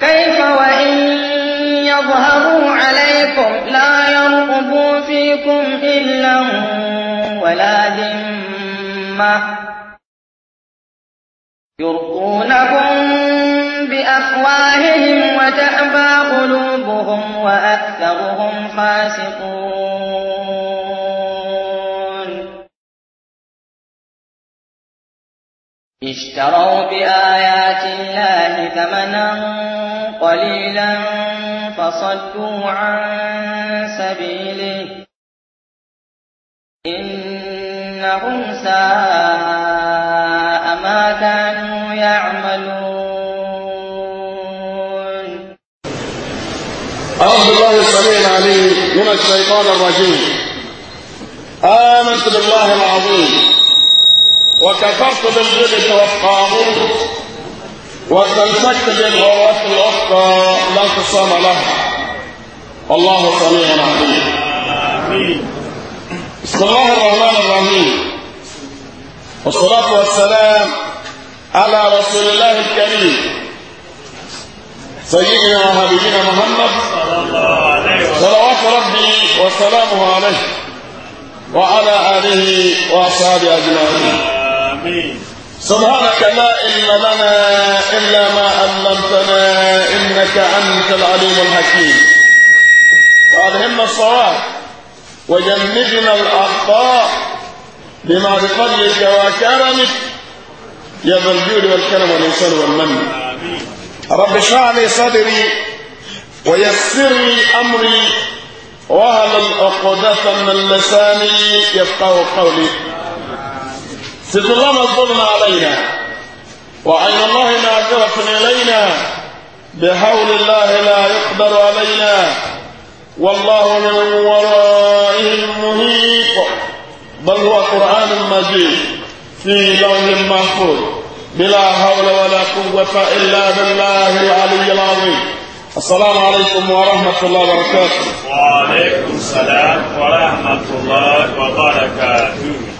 كيف وإن يظهروا عليكم لا يرقبوا فيكم إلا ولا ذمة يرقونكم بأفواههم وتأبى قلوبهم وأكثرهم فاسقون اشتروا بآيات الله ثمنا قليلا فصدوا عن سبيله إنهم ساء ما كانوا يعملون أعوذ بالله السميع العليم من الشيطان الرجيم آمنت بالله العظيم وكفرت بالجبت والطاغوت واستمسكت بالغوات الأخرى لا انقسام لها والله سميع عليم بسم الله الرحمن الرحيم والصلاة والسلام على رسول الله الكريم سيدنا وحبيبنا محمد صلوات ربي وسلامه عليه وعلى آله وأصحابه أجمعين سبحانك لا علم لنا إلا ما علمتنا إنك أنت العليم الحكيم وألهمنا الصواب وجنبنا الأخطاء بما بفضلك وكرمك يا ذا الجود والكرم والإنسان والمن رب اشرح لي صدري ويسر لي أمري وهل العقدة من لساني يفقه قولي تظلم ظلم علينا وعين الله ناظرة إلينا بحول الله لا يقدر علينا والله من ورائهم مهيق بل هو قرآن مجيد في لون محفوظ بلا حول ولا قوة إلا بالله العلي العظيم السلام عليكم ورحمة الله وبركاته وعليكم السلام ورحمة الله وبركاته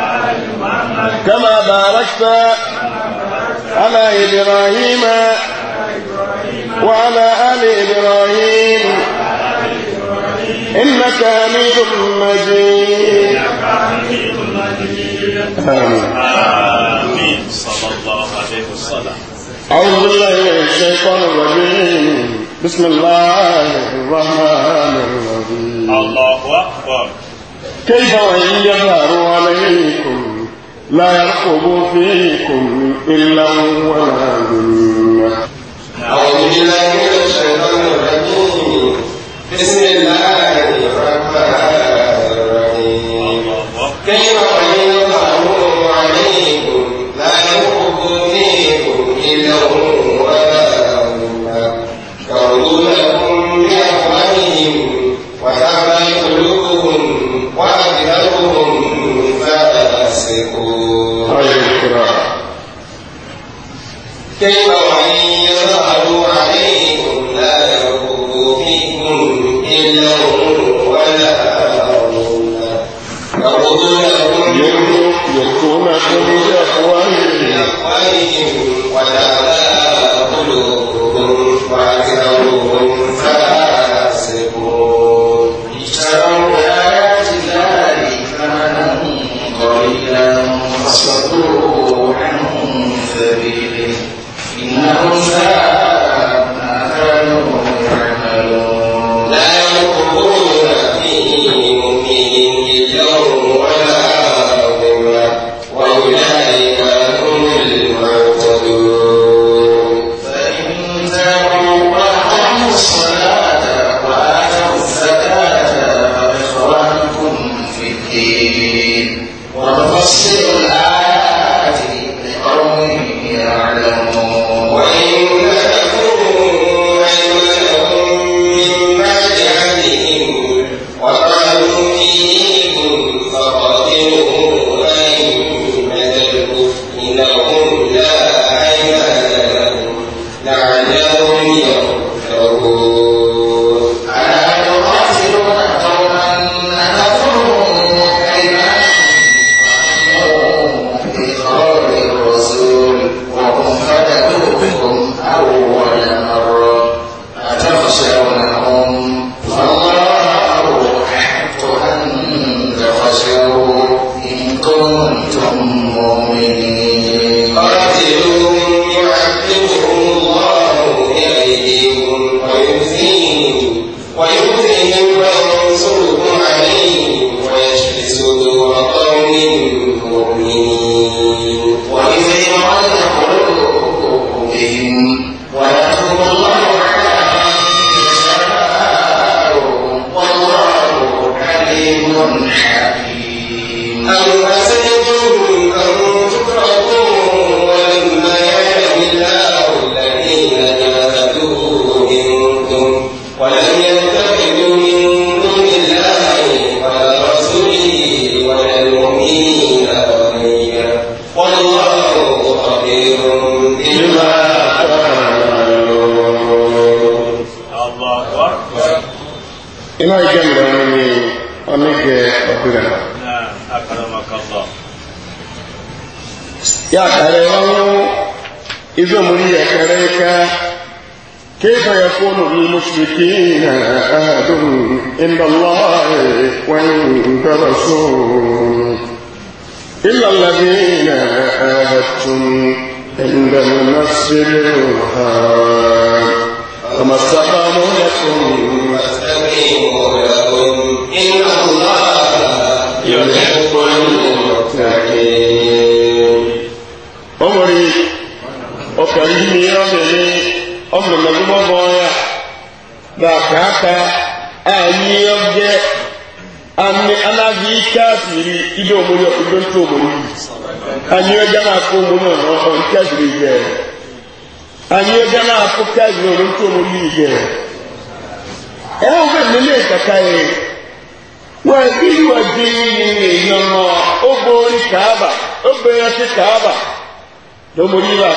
كما باركت على إبراهيم وعلى آل إبراهيم إنك حميد مجيد آمين آمين صلى الله عليه وسلم أعوذ بالله من الشيطان الرجيم بسم الله الرحمن الرحيم الله أكبر كيف وإن يظهروا عليكم لا يرقبوا فيكم إلا ولا ذمة أعوذ بالله من الشيطان الرجيم بسم الله الرحمن الرحيم كيف وإن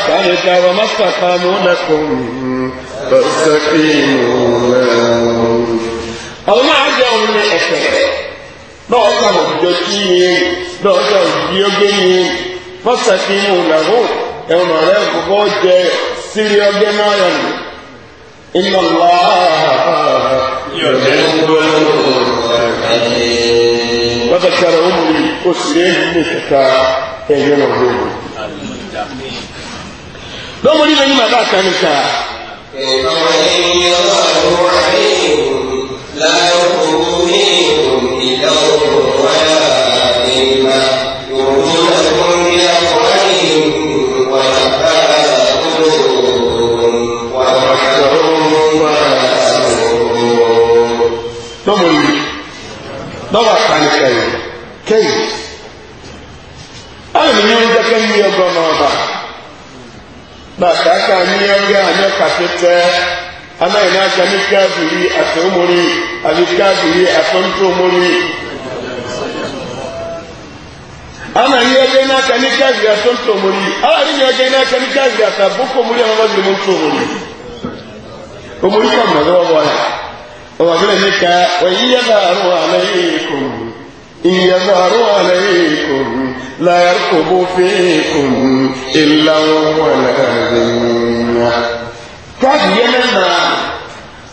ذلك وما استقاموا لكم فاستقيموا لهم àwọn máa jẹ òun ní ẹsẹ náà sàn òjò tí ni náà sàn òjò gbé ni wọn sàkí ní òlàwọ ẹwọn ọrẹ gbogbo jẹ sírí ọgbẹ náà yọ ni iná ńlá yọjẹ ńgbọ wọn sàkí ara ó mú mi ó sì rí èyí ní ìfẹta ẹyẹ náà lóyún dɔw ni bɛ ɲuman b'a ní káàbìrì àtọ́mọ́rí àti káàbìrì àtọ́mọ́rí ana yi ọjọ́ iná ka ní káàbìrì àtọ́mọ́rí ara ní ọjọ́ iná ka ní káàbìrì àtàbókò mórí àwọn ọmọdé mú tọ́mọ́rí omori kọ́ mọ̀ lọ́wọ́ wọn ọmọ abẹ́rẹ́ ní ká wọ́n yíyá bá àrùn àlẹ́ yìí kò wù يظهروا عليكم لا يرقب فيكم إلا ولا ذمة قد يمنع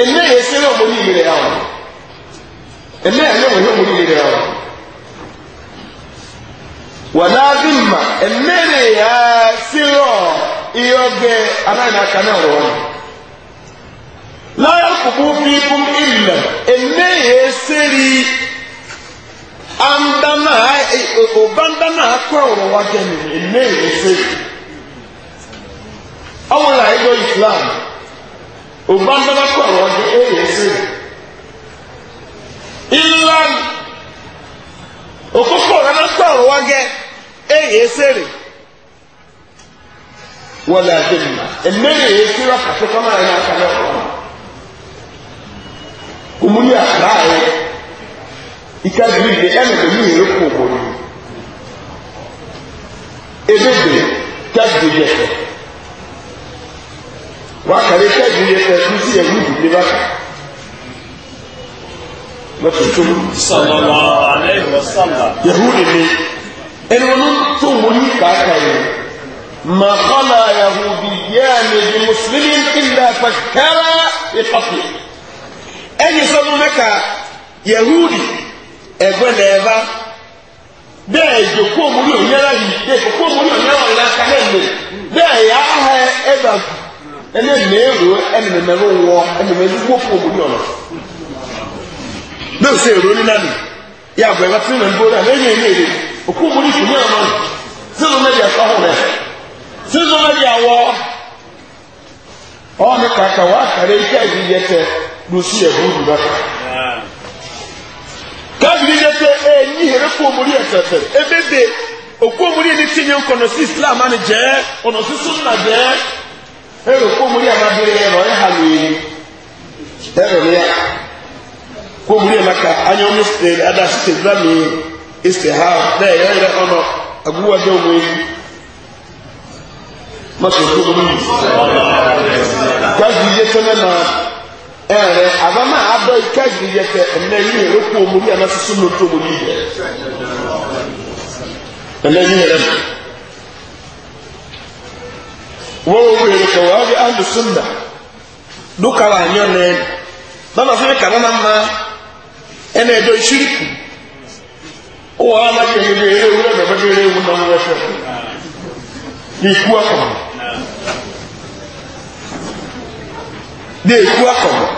ɛnɛ yɛ sɛ na ɔmɔdi yire yɛ awɔ ɛnɛ yɛ sɛ yɛ ɔmɔdi yire yɛ awɔ na aka na ọrụ no láyà kùkú fífún ilẹ̀ ɛnɛ yɛ sɛri andana obandana e, e, akɔ ɔwɔ wa ọrụ ɛnɛ yɛ sɛri ɔwɔ la yɛ islam. ògbà ńlọ́wọ́ kọ́ ọ̀rọ̀ ọdún èyí sí ilan òkókó ọ̀rọ̀ kọ́ ọ̀rọ̀ wágẹ́ èyí sèrè wọlé àdéhùn ẹ̀mẹ́rin èyí sí rọ́pà tó kọ́ máa ń yára kálẹ̀ ọ̀rọ̀ òmùlí àkàrà rẹ̀ ìka gbìyànjú ẹnì kò ní ìrè kò wọlé ebèbè kí a gbìyànjú wakari kẹ́ẹ̀dù yẹ kẹ́ẹ̀dù sí ẹ̀yìn ìdílé bàtà lọ́tùtùm sọlọ́lá alẹ́wọ̀sọ́lá yahudi ni ẹni wọn tó wọn ní kàákà yìí mà kọ́lá yahudi yẹ́ ẹni di mùsùlùmí ìlà fàkẹ́rà ìfọ̀kì ẹni sọ́dún mẹ́ka yahudi ẹgbẹ́ lẹ́ẹ̀bá bẹ́ẹ̀ jòkó òmùrí òyìnbá yìí bẹ́ẹ̀ jòkó òmùrí òyìnbá yìí lákàlẹ́ lò bẹ́ẹ̀ yà á hẹ ẹgbàá ɛnɛ mɛɛro ɛnɛ mɛmɛro wɔ ɛnɛ mɛmɛro wɔ fún omi ɔlɔ bẹ́ẹ̀ sẹ́ èrò nínú àná yà bọ̀ ẹ̀ka tìrìnà nbọ̀rẹ́ àná ẹ̀yẹ ẹ̀yẹ ẹ̀yẹ òkú omi sùn ní ọ̀nà sínú mẹ́rin ẹ̀ka hàn rẹ̀ sínú mẹ́rin àwọ̀ ọ̀nà kàkà wà kàrẹ́ iṣẹ́ ìdíyẹ tẹ lọ́sí ẹ̀bù òdùbà káàbìrì yẹ tẹ ẹ̀ ní ìhẹ̀rẹ́ kú omi ẹ̀tẹ̀tẹ̀ ebébè òkú omi ẹni tí ẹ̀rọ kóòmùrí àmàbìrì ẹ̀rọ ẹ̀ hà a kóòmùrí sitere anyọ́mú adásí tẹ̀síwá mi ẹsẹ̀ ha bẹ́ẹ̀ yẹ́ ẹ̀rẹ́ ọ̀nà àgúwà bẹ́ẹ̀ wọ́n yìí mọ́tò kóòmùrí káàdì yẹ tẹ́lẹ̀ náà ẹ̀rẹ́ àbámá adọ́ káàdì yẹ tẹ́ ẹ̀mẹ́ yìí ẹ̀rọ kóòmùrí àmàsísú lótó n'otu wọ́n wọ́n wọ́n kẹwàá wọ́n bí alùsùnà lókàrà àyàn náà bàbá fún mi kàrà náà máa ẹnà ẹ̀dọ́ ìṣíríkù ó wà á láti ẹ̀yẹ lé eré ewúrẹ́ bàbá lé eré ewu náà wọ́n ní ikú akọ̀mọ̀ ní ikú akọ̀mọ̀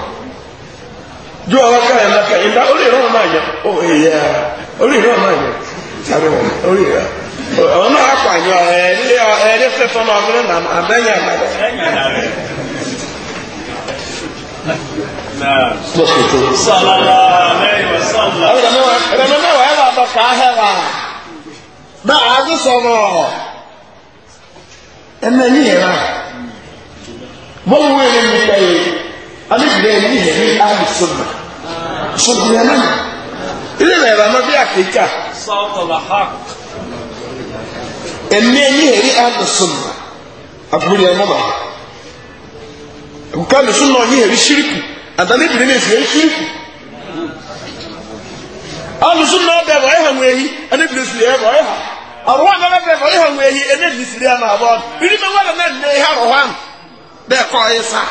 ju àwọn ká ẹ̀ náà ká ẹ̀ náà ó lè rán ọ̀nà àyàn ó lè rán ọ̀nà àyàn sáré wọn ó lè rán ọ̀nà àpànyọ ẹ̀ẹ́dí ẹ̀ẹ́dí fẹ́fọ́ náà ọ̀gbìn nà àbẹ́yẹ àbẹ́yẹ. Lọ́sọ̀tò. Ẹ̀rọ náà wà ẹ̀rọ àbọ̀fà ahẹ́wà. Náà àdé sọ̀rọ̀ ẹ̀mẹ̀ ní ìhẹ́rà. Bọ́lú wo ni mi bẹ̀yẹ̀? Alébìrẹ́ ní ìhẹ́rì àbí sọ̀rọ̀. Sọ̀rọ̀ yẹn náà. Ilé ìrẹ̀rẹ̀ náà bí àkéjà. Sọ̀tọ̀ làhàkù. ɛnna ni hɛri anderson aburi ɛmoma nkuka ne na ɔnye hɛri shiriku adane bi ne efi hɛri shiriku anderson na ɔbɛ ɛfɔ ɛha nwɛhi ɛne bi ne efi ɛfɔ ɛha arowa na ɔbɛ ɛfɔ ɛha nwɛhi ɛne bi biri mi na ɛnna ɛha rɔwa mu sa.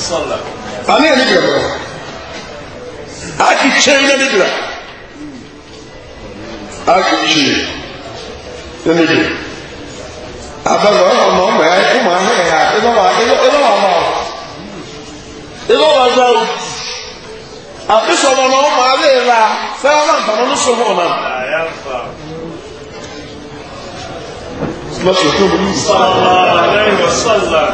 wasallam ani yɛ ne dira aki kyɛn ne dira aki kyɛn ne ne dira abalọ ɔyọ ɔmọ ɔmọ ya ɔmọ ahọrọ ya ɛbɛ wa ɛbɛ wa ma o ɛbɛ wa ma o àbísọ̀rọ̀ ọmọ ọmọ abẹ́ ìlà fẹ́ràn náà tàbí olóṣòwò náà. Lọ́sọ̀tún bí. Sọ̀rọ̀ àlẹ́ ìwọ̀sọ̀lá.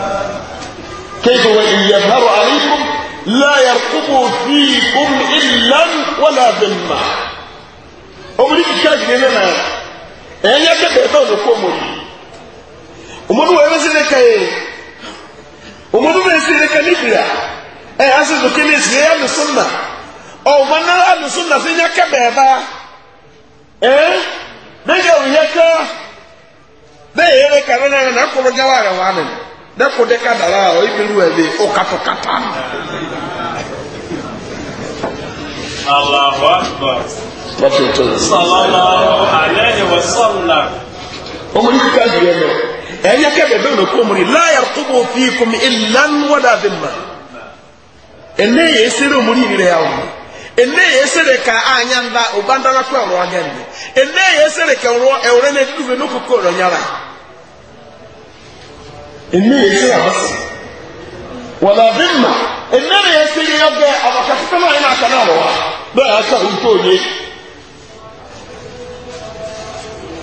كيف وإن يظهر عليكم لا يرقب فيكم إلا ولا ذمة أمريكا كاجي لنا أن يجب أن تكون أمور ويرسلك أمور ويرسلك ليبيا أي أسس كل إسرائيل السنة أو من أهل السنة سنة كبيرة إيه نجا ويكا ده يركب لنا نقول جوارا وعمل dẹ́kun dẹ́ka dara ọ ibi ru ẹ̀ bi ó kàtó kàtá. Allahu akbar. Sallallahu alayhi wa sallam. Ọmọ yìí ká ju ẹ̀mẹ̀. Ẹ̀yẹ kẹ́bẹ̀ bẹ́ẹ̀ lọ́kọ́ ọmọ yìí láyà tó bọ̀ fi kùn mí ìlan bí mà. Ẹ̀nẹ́ yẹ ẹsẹ̀rẹ̀ ọmọ yìí rẹ̀ ọmọ. Ẹ̀nẹ́ yẹ ẹsẹ̀rẹ̀ ká ànyà ńlá kọ́ إني يسير بس ولا ذمة إنني يسير يبقى أما كفتنا هنا كنالوا بقى يردون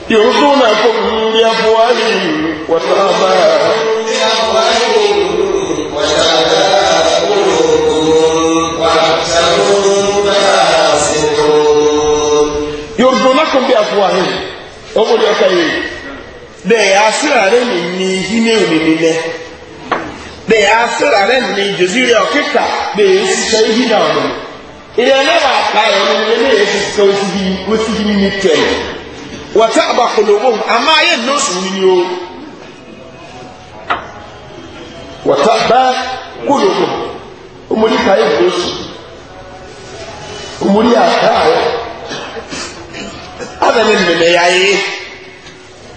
يرضونكم بأفواههم وترابا يردونكم بأفواههم أقول يا سيدي bẹ́ẹ̀ asírarẹ́ mi ní hímẹ́ òmìnirẹ́ bẹ́ẹ̀ asírarẹ́ mi ní jòzírẹ́ ọ̀kíkà bẹ́ẹ̀ ṣiṣẹ́ hímẹ́ na ìyẹn náà wà á yẹn ní ilé yẹn ṣiṣẹ́ oṣù yìí ní wọta wọ́tá àbàkùnlówó àmọ́ ayé ní oṣù ni o wọ́tá bá kúlòwó omori káyé ní oṣù omori àtàwọ̀ abẹ́ni mímẹ́ ya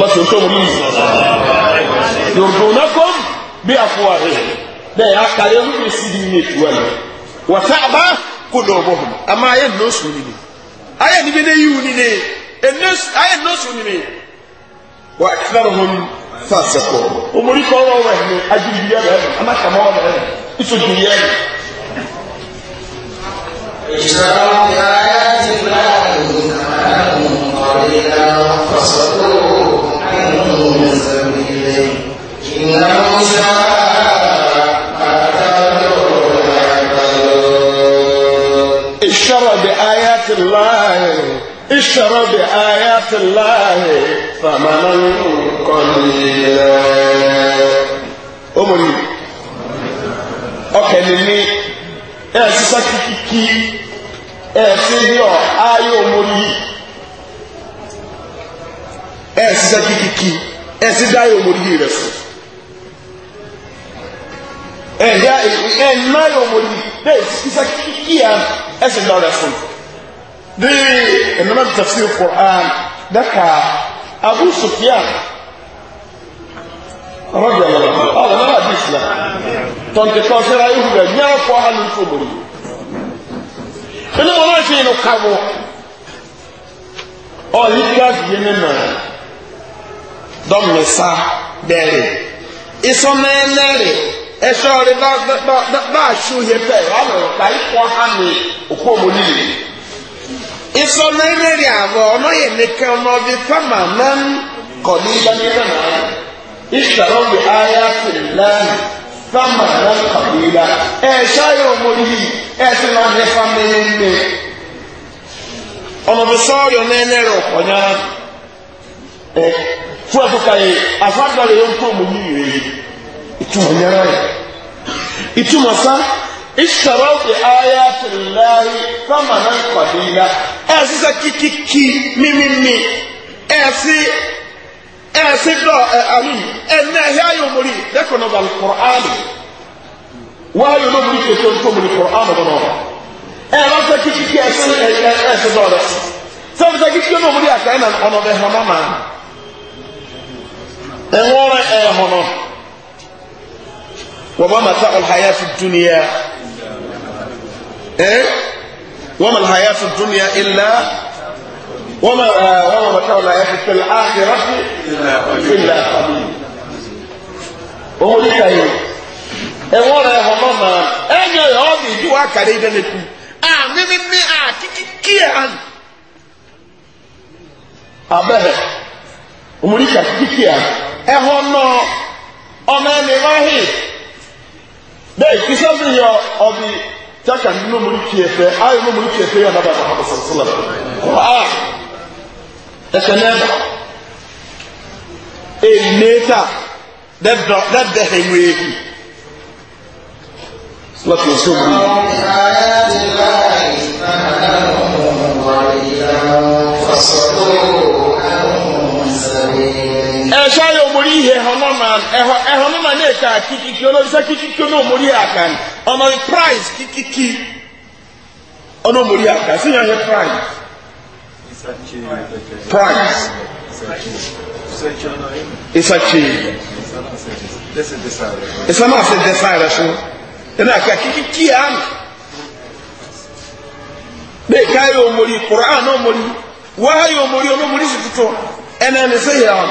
láti ọ̀tọ́ mú yìí yorùbá onákọ́m bí àfọwà rẹ̀ bẹ́ẹ̀ akàrẹ́ ń pè sí ní ètò ẹ̀ wà sá àbá kò lọ bọ̀ hàn àmọ́ ayé nọ́ọ̀sù nìyí ayé níbi ní yíwù nìyí ayé nọ́ọ̀sù nìyí wà á kíkàrọ̀ hàn fàṣẹ kọ̀ ọmọdé kọ́ ọ̀rọ̀ rẹ̀ ní ajínigbé rẹ̀ amákàmọ́ rẹ̀ ìsòjìyẹ rẹ̀. ìṣòro ayé ti bá àwọn ọmọ rẹ̀ lọ fọ́sọ̀rọ̀. اشترى بآيات الله اشترى بآيات الله ثمنا قليلا أمري أكلمي أسسا كيكي أسيديو آيو مري أسسا كيكي أسيدايو مري رسول ɛnna ɛnna yɛ ɔmo di dɛ kisa kikiya ɛsɛ lɔrɛ so de ɛnana tafsir koran daka uh, abu sofiya rɔdi ɛlɔ ɔlɔ nana adi isla tɔnti kɔnsɛra ihu bɛ nyɛrɛ kɔ hali nso bɔ ɛnna wɔn yin ɔyi dɔmisa dɛri isɔmɛ ẹsọ rẹ bá bá bá bá aṣọ yẹ pẹ ọlọ ọgbà ikọ hami òkú ọmọ nílé ìsọ lẹ́rẹ̀rẹ̀ àwọ̀ ọ̀nà yẹn nìkan ọ̀nà ọ̀bí fámà náà ń kọ̀ ní ìbámu náà náà ìṣòro bí ayé àfìlán fámà náà ń kọ̀ ní ìlà ẹ̀ṣọ́ yẹ ọmọ yìí ẹ̀ṣọ́ náà ní fámà yẹn ní. ọmọ bí sọ́ọ̀rì ọ̀nà ẹ̀ lẹ́rọ̀ ọ̀nyá ẹ̀ fún ẹ̀fọ́ kàyé àfáàgbà rẹ̀ yẹn ń ọmọ yìí yìí ìtumọ̀ nyara yẹ ìtumọ̀ sá ìṣòro ti ayé àtìláyé kọ́mà náà kọ̀dé ya ẹ̀ sísẹ kíkíkí mímímí ẹ̀ sí ẹ̀ sí dọ̀ ẹ̀ àmì ẹ̀ ní ẹ̀hẹ́ ayé omori lẹ́kọ̀ọ́ náà bàlù kọ̀ọ̀ánì wáyé olómori kẹsẹ̀ olùkọ́mori kọ̀ọ̀ánì bọ̀ náà ẹ̀ bá sẹ kíkíkí ẹ̀ sí ẹ̀ sí dọ̀ rẹ̀ sọ́bi sẹ kíkíkí olómori àtàyè náà ọ̀nà bẹ̀ hàn náà ẹ̀wọ́n rẹ̀ وما متاع الحياة في الدنيا إيه؟ وما الحياة في الدنيا إلا وما وما متاع الحياة في الآخرة إلا قليل وهو لكي ẹwọ́n rẹ̀ hàn mọ́ máa ẹ̀yẹ ọ̀bì ìdíwọ̀ àkàrà ìdẹ́ lẹ́kù àmìmí ní àkíkí àn abẹ́rẹ̀ òmùrí kàkíkí àn ẹ̀họ́n náà ọmọ ẹni wáhìn bẹ́ẹ̀ kìsẹ́ sí yọ ọbí jákà nínú mú kí ẹ ayé mú kí ẹ fẹ́ yọ nàbà bàbá bàbá sọ̀rọ̀ wàá ẹsẹ̀ nẹ́ẹ̀bà ènìyàn dẹ́dẹ̀ ẹ̀wọ̀ ewu ẹ̀ṣọ́ ayé omori ihe ẹ̀họ́n náà ní ẹ̀ka kìkìkì olóríṣẹ́ kìkìkì ọ̀nà omori àkà ọ̀nà price kìkìkì ọ̀nà omori àkà sí yàn yẹ price. price. ìsàkì. ìsàmà àti dẹ́sà rẹ̀ so ẹ̀nà àkà kìkìkì àmì. bẹ́ẹ̀ ká ayé omori kùrọ̀ àná omori wọ́n ayé omori ọ̀nà omori sì tuntun e ẹ̀nà ẹ̀nà ẹ̀sẹ̀ yìí àwọn.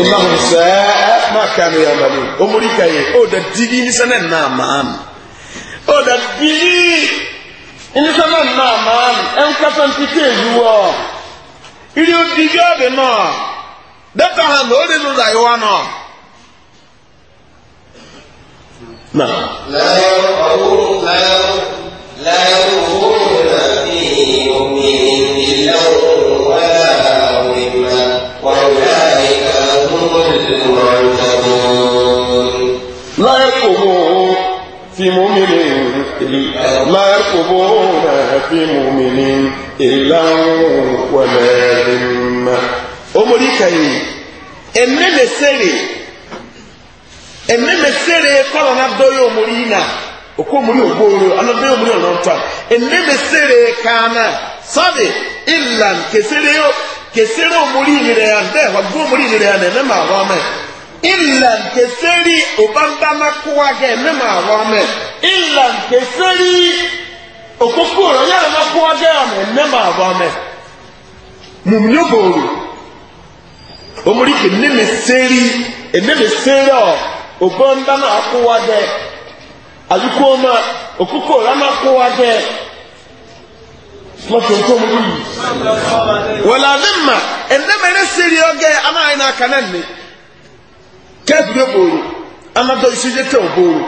innahum sa'a ma kanu ya'malun omuri kaye o da digi ni sanan na ma'am o da digi ni sanan na ma'am en ka san ti te yuwo iri o digi o de no data ha no de no da no na la yaqulu la la بمؤمن ما يرقبون في مؤمن إلا ولا ذمة أمريكا أمنا سري أمنا سري قال أنا بدوي أمرينا okó mu ní ògbóore ọlọ́dún yóò mu ní ọ̀nà ọ̀tọ̀ ẹ̀nẹ́mẹsẹ̀rẹ̀ kàánà sọ́ọ̀dì ìlànà kẹsẹ̀rẹ̀ kẹsẹ̀rẹ̀ òmùrí ìnira yà bẹ́ẹ̀ wà gbọ́ òmùrí ìnira yà nà ẹ̀nẹ́mà àwọn ọmọ ẹ̀ illa nke seri ụbambama kụwa ga-eme ma arụ ame illa nke seri okokoro onye na kụwa ga-eme ma arụ ame mumuni boro omori ke neme seri eneme seri ọ ụbambama kụwa ga azụkọ ma okokoro ama kụwa ga lọ́sọ̀ tó mú yìí wọ̀lá ní mà ẹ̀ndẹ́mẹ̀rẹ́ sẹ́rí kẹ́ẹ̀bìrì òbòrò anadọ́ ìṣẹ́jẹ́ tẹ òbòrò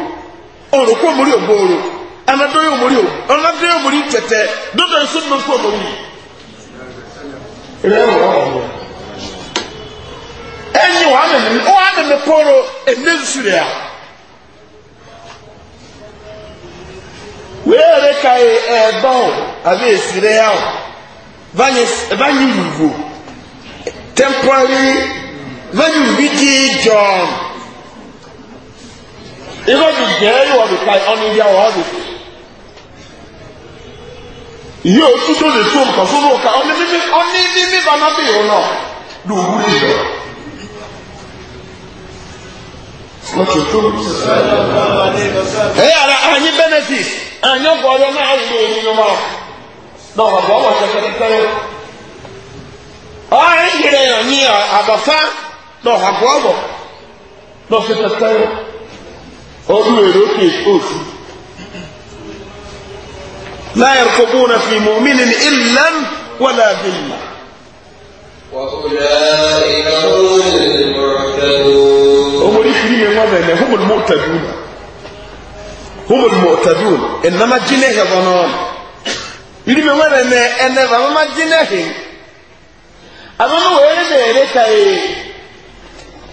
òròkú òmòrí òbòrò anadọ́ òmòrí ọ̀nàdọ́ òmòrí tẹ̀tẹ̀ dọ́dọ̀ ìṣẹ́gbẹ̀kú òmòrí. ẹnyi wàá mẹ́mi wàá mẹ́mi pọ́rọ̀ ẹ̀ndé nsúlẹ̀ à. wíyà rẹ̀ ka yẹ ẹ̀ẹ́dọ́ àbí èsì rẹ̀ yà ọ̀ báyìí ìlú temporary lẹ́yìn wíkì john ìwọ́n ti jẹ́ ìwọ́n ti the ọ́nà ìdí àwọn ọ̀dọ̀ yìí ó tún tó lè tó nǹkan fún un ká ọ́nà mímí ọ́nà mímí bá náà bìrù náà ló wú ní ìlọ. lọ́tù tó lọ. ẹ̀yà ara àyín benefit àyín ọ̀gbọ̀n ọ̀yọ́ náà ń lò nínú wa náà wà bọ́ wọ́n ṣẹ̀ṣẹ̀ tẹ́lẹ̀. ọ̀hún ìrẹ̀yàn ní àbọ̀fá lọ hàbọ àbọ lọ sí tẹtẹrẹ ọdún èrò kì í òsì láyé kókó na fi mọ mí nínú ìlẹn wọlé àbílẹ. Omo ni fili yẹn wọn bẹ̀rẹ̀ humul mọ̀tàdùn humul mọ̀tàdùn ẹ̀nàmá jinlẹ̀ yẹ̀ wọn náà. Ìdí mi wọ́n rẹ̀ nẹ̀ ẹ̀nẹ̀ bàbá má jinlẹ̀ yìí. Àbámu wẹ̀rẹ̀ bẹ̀rẹ̀ kàyé.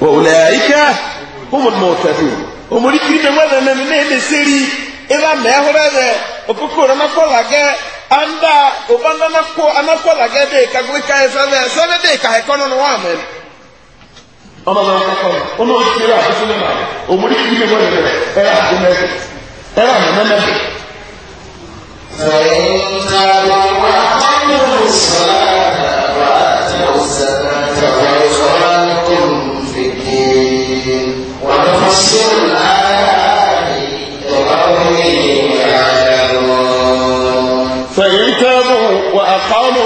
O ike esiri la ya hụrụ a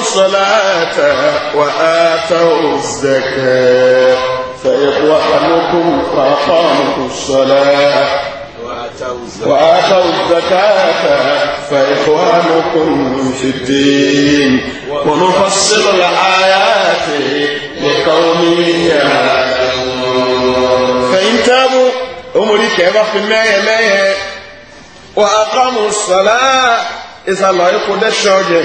الصلاة وآتوا الزكاة فإخوانكم فأقاموا الصلاة وآتوا الزكاة فإخوانكم في الدين ونفصل الآيات لقوم يعلمون فإن تابوا أمريكا كيف في مية مية وأقاموا الصلاة إذا الله يقول الشجر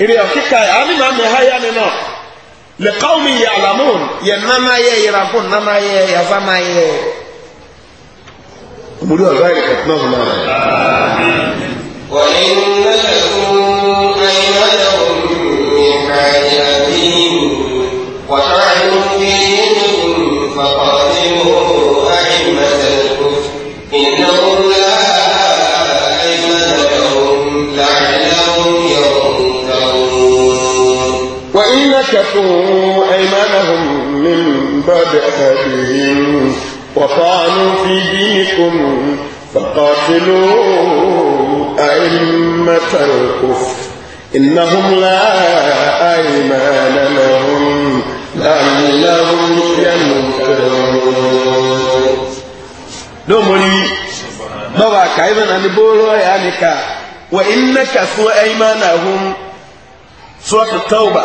ire ọkika ami na ama ha ya ni nọ lẹkọọmi yẹ alamun yẹ nana yẹ yẹrago nana yẹ yazama yẹ omuli ọzọ ayẹ kẹtẹ náà wọn náà. wàyí nílẹ̀ fún ayélujára mi àyàbí wàtá. شكوا أيمانهم من بعد أهدهم وطعنوا في دينكم فقاتلوا أئمة الكفر إنهم لا أيمان لهم لعلهم ينكرون دومني بابا كايفن أن بولو يعني كا وإنك سوى أيمانهم سورة التوبة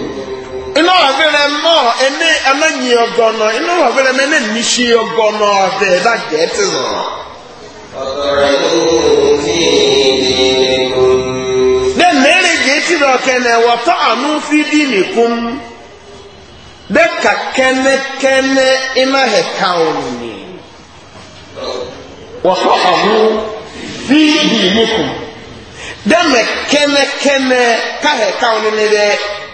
inú ọ̀bẹ̀rẹ̀ mọ́ ẹni ẹnẹ́yìn ọgọ́nà inú ọ̀bẹ̀rẹ̀ mọ́ ẹnẹ́yìn níṣẹ́ ọgọ́nà ọ̀bẹ̀ ẹ̀dàgẹ́ ti nà. Dẹ́ mẹ́rin gèé ti rọ̀ kẹ́nẹ̀ wọ̀tọ́ àánú fi dí nìkún. Dẹ́ ka kẹ́nẹ́kẹ́nẹ́ iná ẹ̀ka òní. Wọ̀tọ́ àánú fi dí nìkún. Dẹ́ mẹ́ kẹ́nẹ́kẹ́nẹ́ ká ẹ̀ka òní ni dẹ́.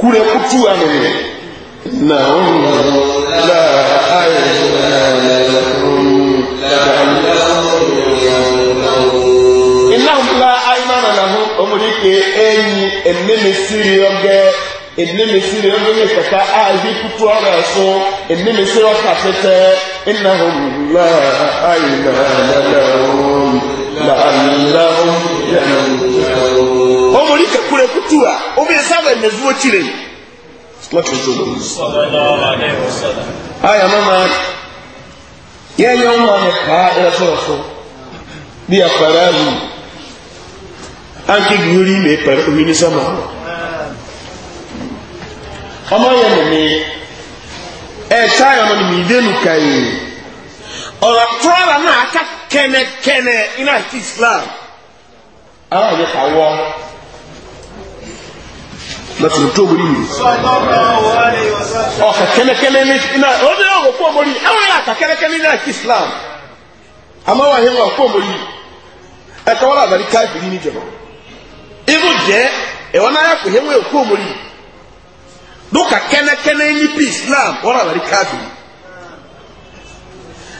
kure kutu amene naona na innahum la aymana lahum omulike enyi enene siri oge enene siri oge ne kaka ahi kutu ara so enene siri oka tete innahum la aymana lahum omuli kakule kutuwa obiresaba emezuwo kire aya mama yenye omwana ka erasoso bia fararu anki gyuli me para omini sama omoye mene e chaya mani midenu kai ora twala na akata kẹ́nẹ́kẹ́nẹ́ iná islam àwọn àwọn àwọ lọ́tún tó borí mi ọ̀kà kẹ́nẹ́kẹ́nẹ́ ní iná ọdún náà wò fún borí ẹwọ́n yà àkà islam àmọ́ wà hẹ́wà fún borí ẹ̀ka wọ́n àbẹ̀rí káàkiri jẹ́ náà borí ní islam wọ́n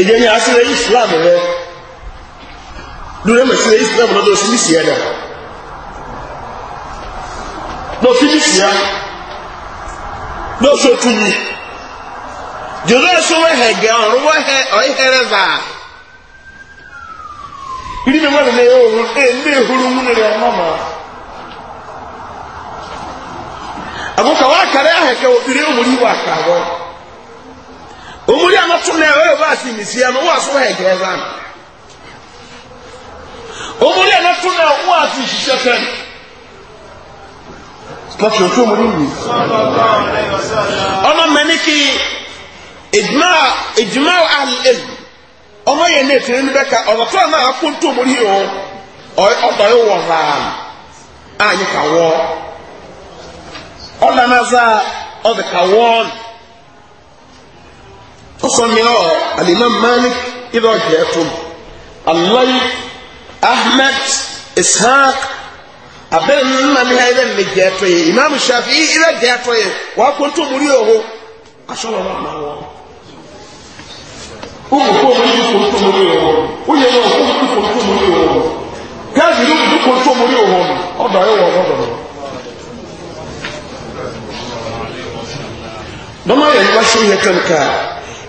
èyí ni asílẹ̀ islam rẹ lórí ẹ̀mọ̀ sílẹ̀ islam lọ́dọ̀ sílísì ẹ̀dà lọ sílísì ya lọ sọ́tún yìí jùlọ ẹ̀sọ́ wẹ́hẹ̀ gẹ̀ ọ̀rún wẹ́hẹ̀ ọ̀hẹ́rẹ́ bá ìdí mi wọ́n lè ohun ẹ̀ ní ehuru mú nílẹ̀ ọmọ mọ́ àbúkọ̀ wá kàrẹ́ àhẹ̀kẹ́ òbí rẹ̀ òmùrí wà kàwọ́ omuli anatuna na baasimisiyano ụwa asị omuli anatuna ya kati otu omulimi ono meniki ijmau ahli ilmu ọmọ yẹn ní ètò ẹni bẹ́ka ọ̀rọ̀ tó àná àkóńtò omuli o ọ̀dọ̀ yóò wọ̀ ràánù àyíká wọ́ ọ̀dọ̀ náà zá ọ̀dọ̀ أسمينا الإمام مالك إذا جاءتم الله أحمد إسحاق abẹ́rẹ́ nínú nínú àmì ayé lẹ́nu jẹ́ ẹ̀tọ́ yẹ ìmáàmù ṣàfi ilẹ̀ jẹ́ ẹ̀tọ́ yẹ wàá kó tó múrí òhó aṣọ́nà náà máa wọ̀ ó kò kó múrí kó tó múrí òhó ó yẹ lọ kó kó kó tó múrí òhó gáàsì ló kó kó tó múrí òhó ọ̀dọ̀ ayé wọ̀ ọ̀dọ̀ rẹ̀. lọ́mọ yẹn wá sí yẹ kankan.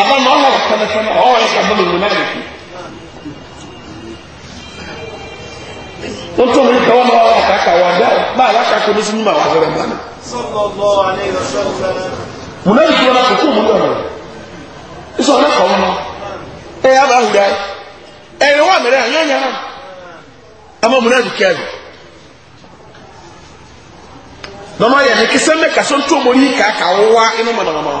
àmọ́ náà wọ̀ fẹ́lẹ́fẹ́lẹ́ ọ̀hún ẹ̀ka mọ́lẹ̀ ìwé náà nìkú. wọ́n tún mi kọ́ náà wọ́n kàkà wà bẹ́ẹ̀ bá aláka kò ní sí nímọ̀ àwọn ọ̀rẹ́ mọ́ni. múná ìfúra náà kò kú òmùú yọ̀rọ̀ ìsọ náà kọ́ ọ́nà ẹ̀ yà bá hùdá ẹ̀ yẹ wà mẹ́rẹ̀ àyàn yàrá àmọ́ múná ìfúra náà dọ́mọ yẹn ní kí sẹ́mẹ́kà sọ́ńtò mọ́rí kàkà wá inú mọ̀nàmọ́ná.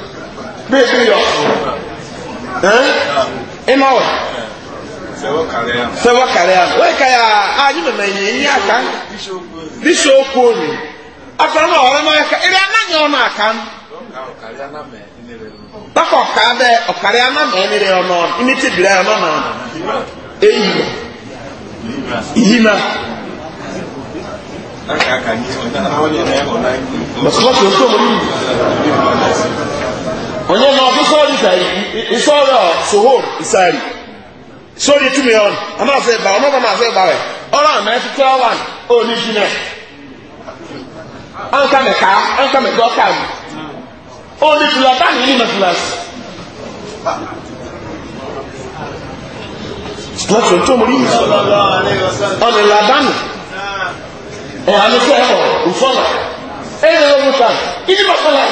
bẹ́ẹ̀ bí yọ ẹ ma wẹ̀ sẹ́wọ́ kàrẹ́ àmì wọ́n kà yà á yí mẹ̀mẹ̀ yìí ní àká bíṣọ́ọ̀kù òní afẹ́rẹ́ náà ọ̀rẹ́ náà yẹ ká eré anáyẹ ọ̀nà àká bákan ọ̀kà bẹ́ ọ̀kàrẹ́ anámẹ́ ní rẹ̀ ọ̀nà ní ti bìrẹ̀ ọ̀nà náà èyí yìí náà. Bàtúbàtú ọ̀tọ̀ mọ̀ nínú onye na ọdụ sọọdụ isaari isọọdụ sohor isaari sọọdụ etumi ọnụ ọmọ afọ ịba ọmọ ọmọ afọ ịba wee ọrụ a ma etete ọwan onye isi na anka mẹka anka mẹka ọka m onye tulata na ili matulas situasi otu omori yi ọnụ ladanu ẹ anụ sọ ẹ họ ụfọdụ ẹ yẹ ọgwụ taa ili matulas.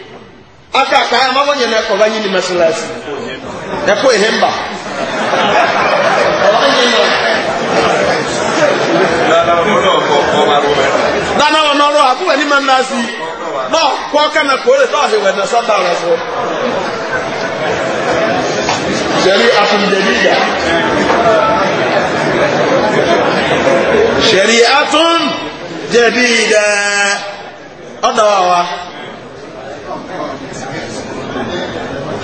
aka a amabɔ nyɛ n'ɛkɔ ba nyini mɛsilasi ɛkɔ mba ɔba nyini. dana wɔn n'ɔrɔ akuba ni ma n'asi n'ɔ kɔ kana kore na sata rɛ sɛri ya. sɛri atun wa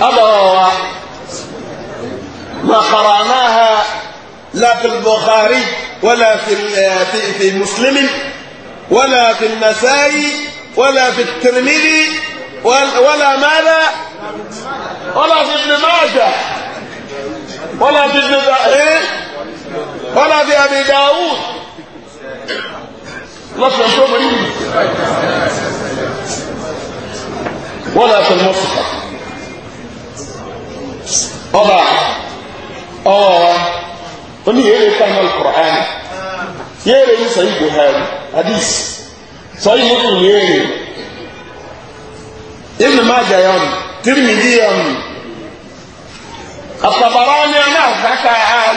هذا ما قرأناها لا في البخاري ولا في آه، في, في مسلم ولا في النسائي ولا في الترمذي ولا, ولا ماذا ولا في ابن ماجه ولا في ابن إيه؟ ولا في ابي داوود ولا في المصحف أضع أوه فني يلي كان القرآن يلي صحيح بهذا حديث صحيح مطلوب يلي ابن ماجه يوم ترمذي يوم الطبراني أنا ذاك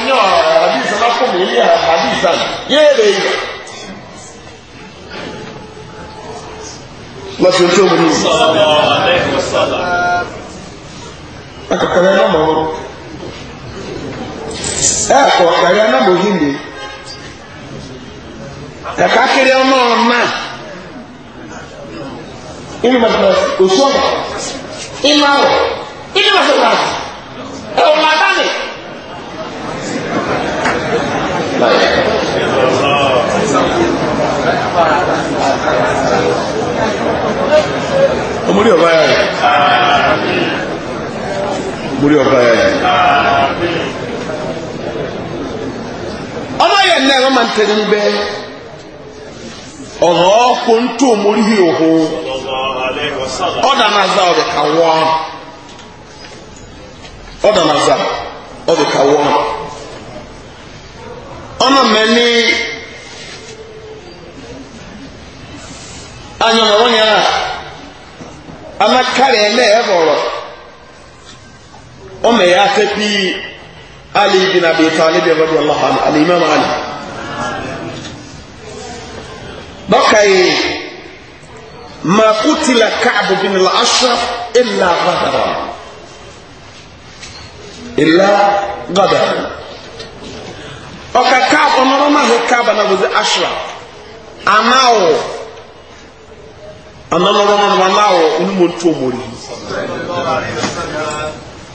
نور حديث أنا قم إليها حديثا يلي ما شفتوه من الصلاة عليه الصلاة akakara na mɔwɔ ɛkɔ kaya na mɔ yimbe kaka kiri ɔmɔ ɔma ibi ma sɔrɔ osu ɔmɔ ima wɔ ibi ma sɔrɔ asu ɛwɔ ma ba mi. Omuli ọba ya rẹ múrí ọba yà jù. ọmọ yẹn náà wọ́n máa ń tẹ̀lé ní bẹ́ẹ̀ ọ̀rọ̀ ọkọ̀ ń tó mórí hì òhò ọ̀dà náà zá ọ̀dẹ̀ kà wọ́n ọ̀dà náà zá ọ̀dẹ̀ kà wọ́n ọ̀nà mẹ́ni anyọ̀nà wọ́n yẹn náà anákàrẹ̀ ẹ̀ náà ẹ̀ ọmọ ẹ̀yà sẹ́pì ali bin abi talib rabi allah alimami ali bọ́kàyè ma kutila káàbù bin al-ashraf illa ghadara illa ghadara ọkà káàbù ọmọ ọmọ ahụ káàbù na wòzí ashraf anáwó anáwó ọmọ ọmọ anáwó onímọ̀ ntú omori.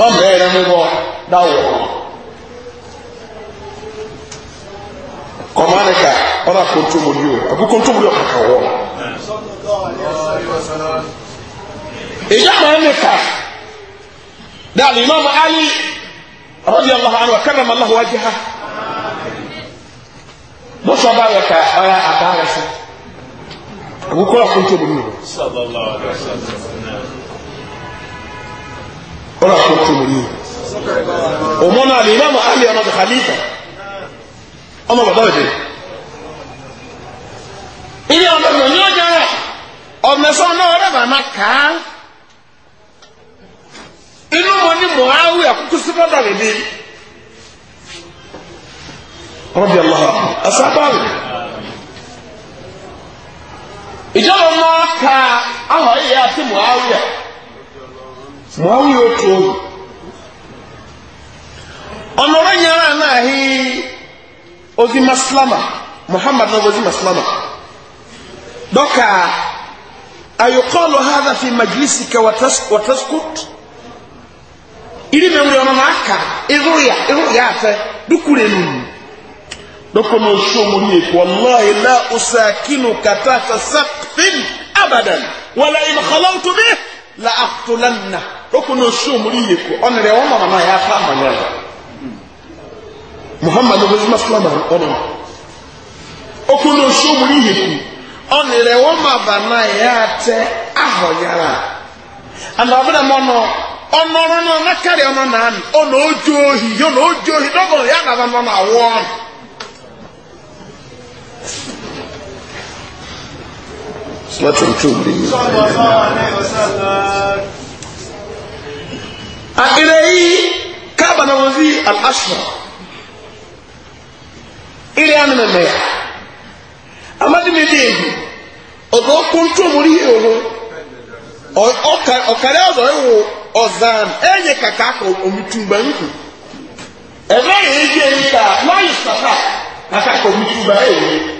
wọn bẹ̀rẹ̀ rẹ mú bọ dáwọ̀ kọmánìkà ọ̀nà kòtòmòlì o àbí kòtòmòlì ọ̀ kàkà wọ̀. ìjà máa ń nìkà dáàlì imam ali rọ́bì allah anu akẹ́rẹ́ mọ́ allah wájú ha bọ́sọ̀ bá yẹ ká ọ̀yà àbá rẹ̀ sọ àbúkọ́ ọ̀kọ́tòmòlì o. Ọ na mú ní ọmọ ali lè máa alì khalifa ọmọ bàbá òde ilé ọmọ bẹ̀ ní ọjà rẹ̀ ọmọ ẹ̀fọ́ náà rẹ̀ bàmá ká inú mọ ní mọ̀wí ó tó ọ̀nọ̀rọ̀ nyara náà hí ozi maslama muhammad náà ozi maslama dọ́kà ayọ̀kọ́lù hádà fi majalisi ka wataskut iri mẹ́wúrẹ́ ọmọ náà aka ìrúyà ìrúyà afẹ́ dúkúrẹ́ nù dọ́kà náà sọ mu ní èkó wàláhi lá ọ̀sà kínú kàtà sàkfin abadan wàlá ìmọ̀kọ́lá òtún bẹ́ẹ̀. la aftolanna rokuna osumuri yeko ɔnere wɔn mama naa yafa amanya la muhammadu bozuma fulama ɔno okuna osumuri yeko ɔnere wɔn mama naa yatɛ ahɔnyala anabena mɔnɔ ɔnɔrɔ no nakari ɔnɔ naani ɔnɔ ojo ohi ɔnɔ ojo ohi dɔbɔ yanaba mɔnɔ awɔ. láti rí tó rí àìrẹ̀ yìí káàbà náà wọ́n sí aláṣọ ìrẹ̀ ànàmẹ̀ amádìmẹ́dì èyí ọ̀dọ́ kún tó mú rí òhun ọ̀kàrẹ́ ọ̀dọ̀ ẹ̀wò ọ̀zán ẹ̀yẹ kàkà kọ̀ òmìtúgbà nkù ẹ̀rọ yìí jẹ́ yìí ká láyé sàkà kàkà kọ̀ òmìtúgbà ẹ̀yẹ.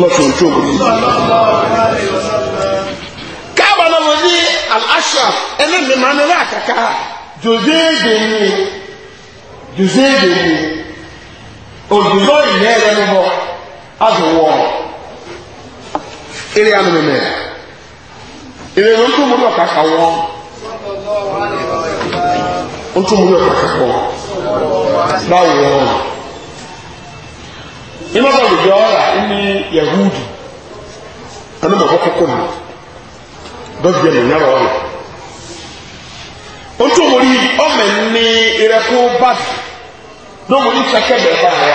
lọ́tún ojú òkùnrin. káàbà náà wọ́n ní al-ashra ẹlẹ́mìí máa ní láàkàkà jòzéèdè ni jòzéèdè ni òdùdó ìyẹ́ rẹ̀ ló bọ̀ azọ̀wọ̀ eré anumẹ̀mẹ̀ eré ló ń tún múlò kàkà wọ́n ń tún múlò kàkà wọ́n báwo wọ́n ba imaba bidɔɔra ne yahudi ɛna ma bɔkɔkɔ mu dɔbia mu nyɛ wɔn otu omori ɔmɛ ne irɛko ba na omori kɛkɛ bɛ ba yɛ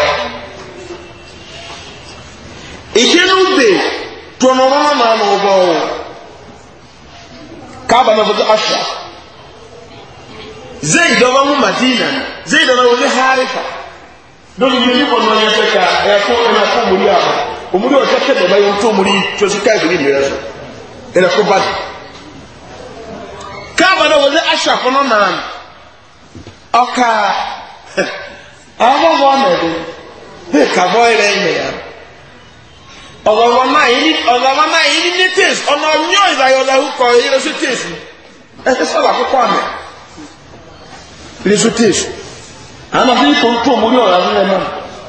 ehyɛ no be tɔnɔrɔ na na ɔbɔ o kaaba na fɔtɔ ahyɛ zeyi dɔbɔ mu madina zeyi dɔbɔ mu ne harifa lórí yìí kò lọ yẹ fẹka ẹ kó ẹ kó mo yà wá òmùdí ọ̀sẹ̀ tẹ̀ bàbá yẹn tó mo rí tí o sì ká ìdílé mi rẹ sọ ẹ lẹ kó bá mi. káàbà náà wọlé aṣọ àkọ́nà nàrà mi ọkà àwọn ọmọ ẹ̀dùn bí kàbọ̀ ẹ̀rẹ́ ìmẹ̀ yà ọ̀lọ́wọ́ náà yìí ní ní tèèsì ọ̀nà ọ̀nyọ́ ìdáyọ̀ ọ̀làwù kọ̀ ẹ̀yẹ́rẹ́sọ tèèsì ẹ̀ṣẹ̀ sọ̀rọ̀ àkọ́kọ́ àmì ẹ̀ṣẹ̀ tèèsì. ama fi tó tó mórí ọ̀rọ̀ àwọn ẹ̀mọ́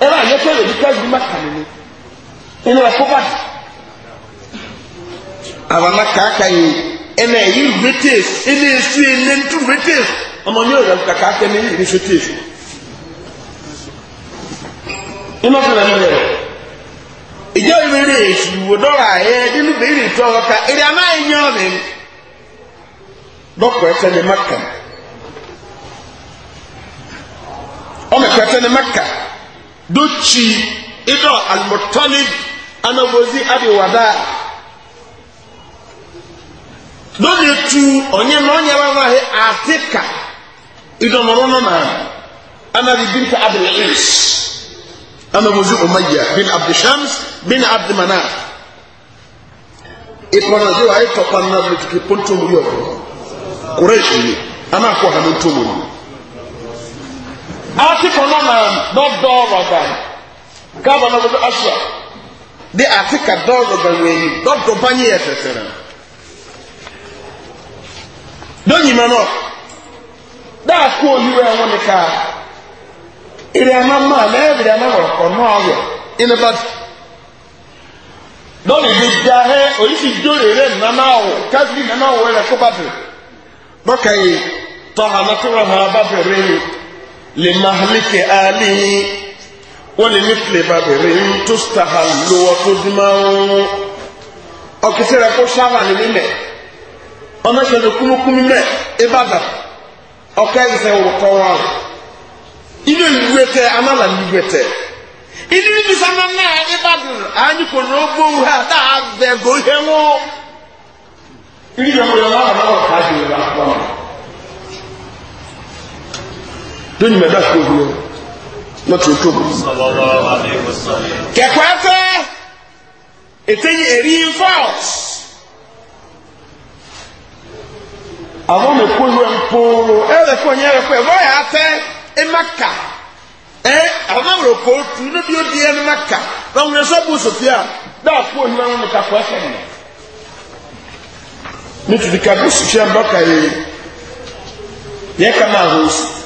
ẹ bá yẹ kẹ́rẹ́ ní kájú má kàmì ni ẹni wà kópa. àwọn ọmọ kàákà yìí ẹnna èyí vetes ẹnna èsì ẹnna ntú vetes ọmọ ní ɔmɛ kɛtɛ ne mɛka do tsi idɔ alimɔtɔni anabozi adiwada lóni tu ɔnyɛ n'ɔnyɛ wàhùn ahi atika idɔmɔrɔ nɔnà anabi bintu abdulaziz anabozi umayya bin abdishams bin abdimana ìpɔnɔdé wa ayé tɔpɔ anabi kìkì pɔntɔmù yɔ kúrẹ́sì yìí anakɔ hàn ntɔmù yìí. article no na dɔdɔ rɔba gaba na wɔde ahyia de asika dɔɔ rɔba wɔ ayi dɔdɔ ba ya fɛfɛrɛ dɔnyima no daa kó oyiwa ɛwɔ ne kaa ere a maa na man or ama wɔ ɔno awɔ ɛnɛba dɔnni bi da hɛ oyisi do ere nana awɔ kasi nana awɔ ɛrɛ kó ba do dɔkɛ yi na ha ba bɛrɛ لمهلك آله ولمثل بدر تستهل وتدمع ọkìtìrẹ kó sábà ní ọkọ ẹgbẹsẹ òrùkọ wa inú ìlúwẹ tẹ anála nílùú tẹ inú ìlú sábà náà ìbàdàn àyànjúkọ ló gbóhùn ha tá a bẹ gòhẹ wọn. ha don nyuma da sukuu yɛ na tuntum kɛkɔɛfɛ ete yi eri fɔls àwọn mi kó yẹ mpo ɛrɛ fún ɔnyɛ ɛrɛ fún ɛ bɔyɛ atɛ ɛmaka ɛ àwọn mi kó tu ne bi odi ɛmaka na wọn sɛ bu sofia dáa kó yẹ wọn mi kakɔ ɛfɛ mi ne tutu kakó sofia mbaka yɛ yɛ kama ahosuo.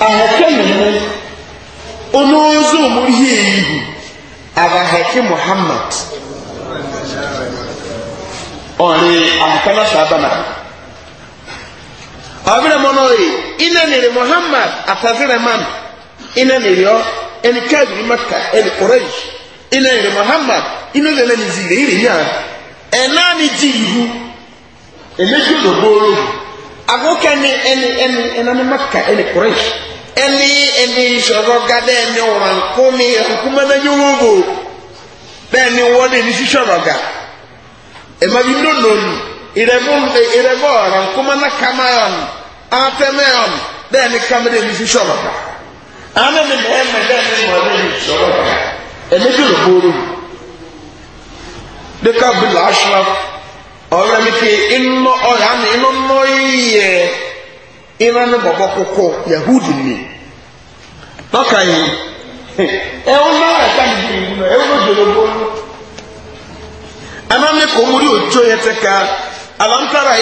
ahekemene onoozu omurihi eyihu abaheke muhammad ɔre ahekana sabana ɔbɛrɛ mɔnɔ yi ina nere muhammad asazere man ina nere ɔ ɛni kɛbiri maka ɛni kɔrɛyi ina nere muhammad ina nere ni ziire iri nya ɛnaani ji ihu ɛnɛ tí o agoka e ni ɛne ɛne ɛnane maka ɛne kuresh ɛne ɛne nsɔrɔ gada ɛne ɔrankome ɔrankoma na nye wogo bɛɛ ne wɔ ne ne sisɔrɔ ga ɛma bi nono no irɛbɔ irɛbɔ ɔrankoma na kama yɔn atɛmɛ yɔn ni ne kama de ne sisɔrɔ ga ana ne mɛɛmɛ bɛɛ ne mɔ ne ne ga ɛne bi lɔ booro de ka bi lɔ asraf. ọ̀rẹ́ mi fi inú ọ̀yà mi inú mọ́ yíyẹ iná ní bọ̀bọ̀ kókó yahudi ni lọ́kà yìí ẹ̀hún náà ẹ̀ka nìyí ìlú náà ẹ̀hún náà jẹ̀rọ bọ́ọ̀lù. anáni kò mú rí òjò yẹn ti ka alantara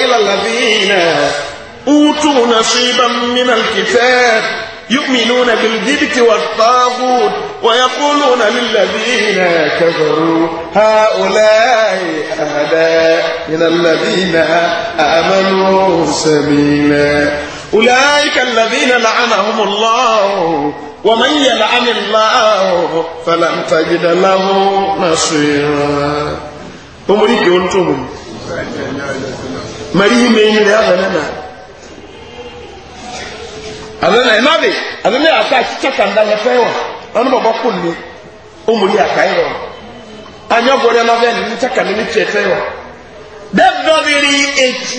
يؤمنون بالجبت والطاغوت ويقولون للذين كفروا هؤلاء أهدى من الذين آمنوا سبيلا أولئك الذين لعنهم الله ومن يلعن الله فلن تجد له نصيرا هم يجون تومن مريم من هذا àbẹ̀mẹ̀ ẹ̀ má bì àbẹ̀mẹ̀ àká títí kàńdà yẹn fẹ́ wọ̀ wọn bọ̀ bọ̀ kó lé ọmọlẹ́ àká yẹ wọ̀ anyagore n'abẹ́ ni títí kàńdà ní tiẹ̀ fẹ́ wọ̀ dẹ́gbẹ́bìrì ètù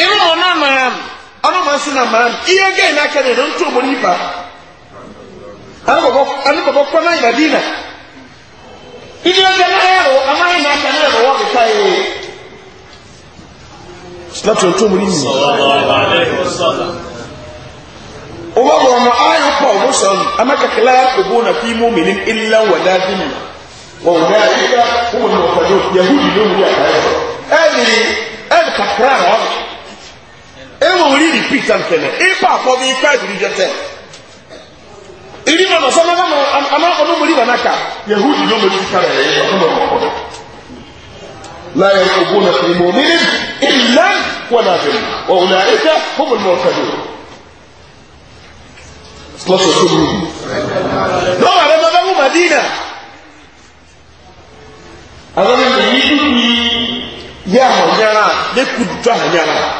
irú ọ̀nà màrán ọ̀nà màá sí nà màrán iye gẹ́yìn náà kẹ́lẹ̀ ló ń tó ọmọ nípa anubọ̀bọ̀ kọ́ náà ìdàdí nà ìdí ọjọ́ náà ẹ̀rọ amáyé náà kẹ́ náà ẹ̀rọ wọ́n fi ká yẹ láti ọ̀tún ọmọ nípa ọwọ́ wọn ọmọ ayé pọ̀ ọmọ sọ̀rọ̀ amákàkẹ́lá ògbó nà fi mú mi ní ilá wàdá bí mi wọ́n wọ́n yà kí wọ́n mọ̀ ọ̀fọ̀dọ̀ yahudi ló wù yà káyọ̀ ẹ̀ ẹ̀ kakra àwọn ewu ori repeat nkene ipa afọ bi ipa ebiri jẹtẹ irima nọsọ nọsọ nọ ama ọdún mori wà n'aka yahudi ló mori kíkà rẹ yẹ ọdún mọ ọkọ láyé ogbó na fi mọ mi ilá wọn náà fi mọ ọwọ náà ẹjẹ fọwọ ní ọkọ dé lọsọ tó mú lọwọ rẹ bàbá wù madina àwọn ènìyàn yìí yà hàn yàrá lẹkùn tó hàn yàrá.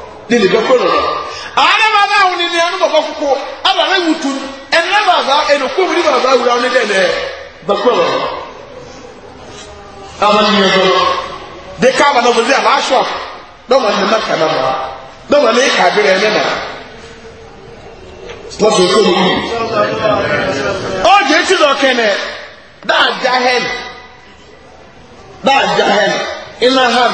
lili bɛkɔlɔ nɔ ana ma ba awo nini anu bɔbɔ koko aba bɛ wutu ɛnɛ ba ba ɛnɛ kɔmuli ba ba wura ɔni dɛ nɛ bɛkɔlɔ nɔ ama nini de ka ba na wòle a ba sɔ dɔw ma ne ma kana ne ka bi rɛ ó lọ dáa já dáa já iná hàn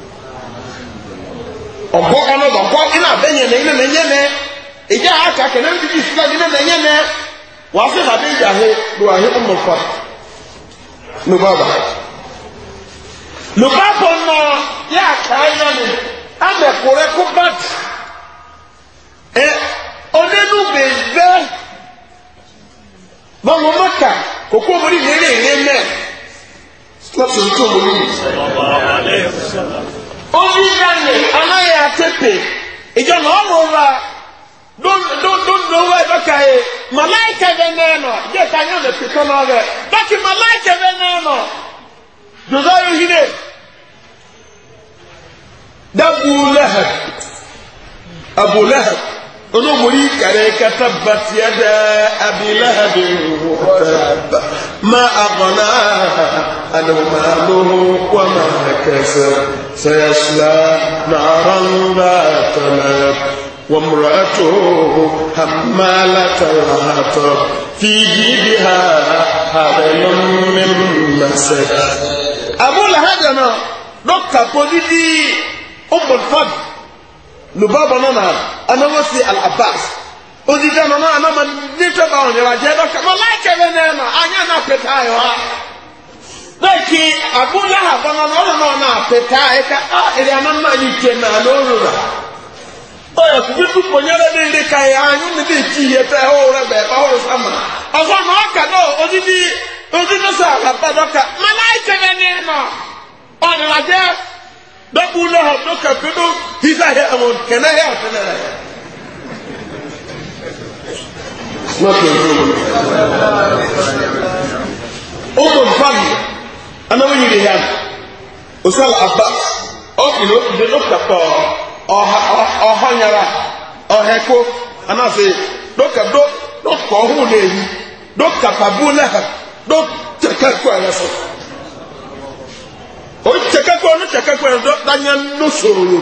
ọgbọ ọnụ ọgbọ ịna abenye na ime menye me ịdị agha aka kene ndị isila dị na wasị ahụ bụ ahụ ụmụ fa lubaba lubaba nọ ya ka anya ni amekwure kubat e onenu maka na Only I onírànì anáyẹ don't don't don't ọmọọba dundunwa ẹbẹka yẹ malaika bẹ nẹẹ nọ jẹ ká nyẹ ọdẹ pẹtọ náà bẹ báki malaika bẹ nẹẹ nọ dodo ayé hinẹ dabu lẹhẹ abu lẹhẹ olóòmùrí kàrẹ́ kata bàtìyàdà abiláhàbì wọ́tàbà má àbọ̀nà àdùnmàlò wà má kẹsẹ̀ sẹ́yàṣìlá nàárọ̀ ńlá tọ̀lẹ̀ wàmùrọ̀tò hàmàlàtàlàtọ̀ fìdí bí ha àbẹ̀lọ́mùmẹ́mẹ́sẹ̀. abúlé hajj náà dókítà kò dídí ó bọ̀ fọ́ọ̀dù. lubaba nana anamasi al-abbas odidi nana anama nitɔ ba wɔn yɛrɛ adiɛ dɔkɛ mɛ laajɛ bɛ nɛ na anya na pete ayɔ ha lɛki abula ha bana na ɔna na ɔna pete ayɛ ka a eri anam na yi tɛ na n'olu la ɔyɛ kubi tu ponyɛrɛ de de ka ya anyi ne de ti yɛ pɛ ɔwɔrɔ bɛ ɔwɔrɔ sama ɔfɔ na ɔka dɔ odidi odidi sɛ alaba dɔkɛ mɛ laajɛ bɛ nɛ na ɔna adiɛ. dɔbu lɔhɔ do kɛfɛ do hisa hɛ ɛmɔ kɛnɛ hɛ ɔtɛnɛ rɛ. o tó nfa mi anáwó yìí rè ya osal aba ɔkìlì ɔkìlì dókítà ɔhɔnyara ɔhɛko anáfɛ dókítà dó dókítà ɔhún lè yi dókítà pabu lɛhɛ dó tẹkɛ kó ɛyɛ sọ. oyitsekekwe onotsekekwe do danya nosoro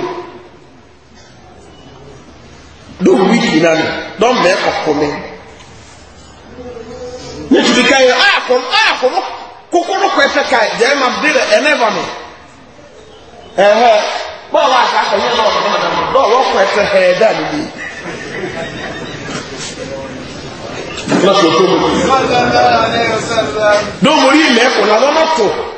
do wiki nani do mɛ kɔkɔmi nítorí ká yẹ ayakɔrɔ ayakɔrɔ kókóró kɔɛfɛ ká yẹ jɛma bèrè ɛnɛba mi ɛhɛ bɔɔlù àtàkọ yẹ bɔɔlù dama bɔɔlù ɔkɔɛfɛ hɛɛ dá mi bi. dɔw mori mɛ kɔnɔ a lɔ ma tó.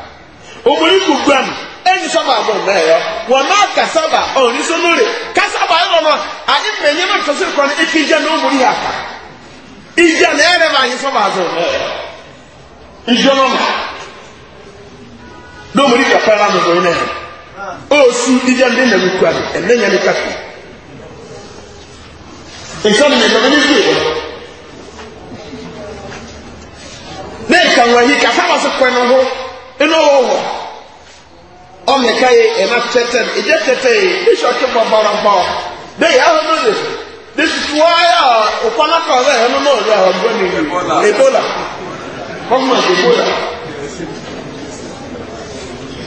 omori kugbam ẹni sábà bọ̀ mẹ́rẹ̀ yọ wọn náà kasaba ọ̀ní sonore kasaba yọ lọ àyè mẹ̀yẹ́ náà tọ́sí kọ́ ni epi jẹ́ ní omori yà ká ìjà ní na bá yẹ sábà bọ̀ mẹ́rẹ̀ ìjọ na lómori kàfẹ́ rà mọ̀ bọ̀yìn náà inú ọwọ́ ọmọnìká yẹ ẹ̀ma tẹ́tẹ́ ìjẹ́ tẹ́tẹ́ yẹ bíṣọ̀ ọ̀kẹ́ bọ̀ bọ̀rọ̀ bọ̀ bẹ́ẹ̀ yà áhùn lónìí bíṣọ̀ wáyà ọ̀pọ̀lọpọ̀ ọ̀rẹ́ ẹ̀ nínú ọ̀rẹ́ ọ̀gbọ́n ní ebola government ebola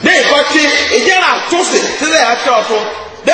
bẹ́ẹ̀ kọ́tí ìjẹ́ rà tóṣì de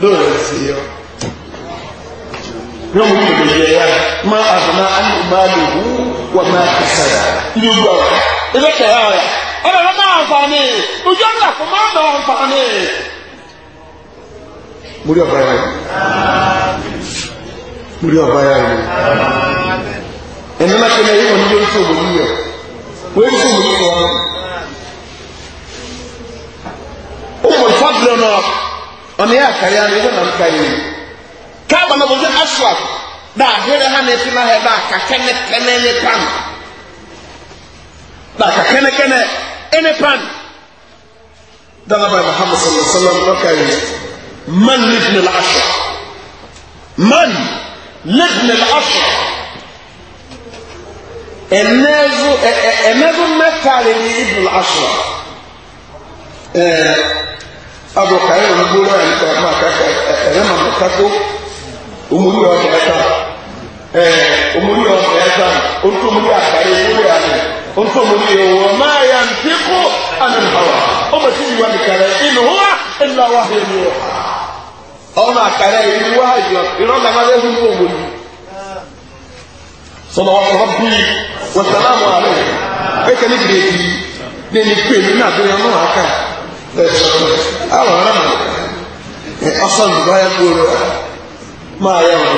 dole su yi yau mu kuma yi ya ma azuma an imali hu wa ma kasara ilu gba ilu ka ya ya ọdọ lọ máa nfààní ojú ọdọ kò máa bọ nfààní. mo rí ọba ya rẹ mo rí ọba ya rẹ ẹni náà kẹlẹ yìí wọn ní yóò tó òbò yíyọ wọn yóò tó òbò yíyọ wọn. ó mọ̀ ìfọ́dúnrún náà. ọmọ yẹn akari ara ẹgbẹ nam kari ni kaaba na wọdze aswap dá ahéré ha n'efi na hẹ dá kakẹ ne kẹnẹ ne pan dá kakẹ ne kẹnẹ ne pan dalaba muhammad sallallahu alaihi wa sallam lọkari man libni la'asọ man libni la'asọ ẹnẹzu ẹ ẹ ẹnẹzu mẹtaari ni ibnu la'asọ ẹẹ. abo kaayɛ omi gbolo ayi ka ma kaka ɛyɛ ma mo kako omuli yɛ ɔbɛ ɛta ɛɛ omuli yɛ ɔbɛ ɛta ontu omuli yɛ akari omuli yɛ ani ontu omuli yɛ wɔ maa yɛ nti ko ani nhawa ɔmɛ ti yi wa mi kara inu wa ila wa yɛ mi wɔ ɔmɛ akara yɛ inu wa yɛ irɔ nama yɛ hu wɔ omuli sɔlɔ wa kɔrɔ bi wa salamu alo ɛkɛ ni bi ne ni pe mi na do yɛ ɔmɛ wa ka ɛɛ awọ ọrọ mi ọsọ nùgbà yẹ kúrò máa yẹ wọn.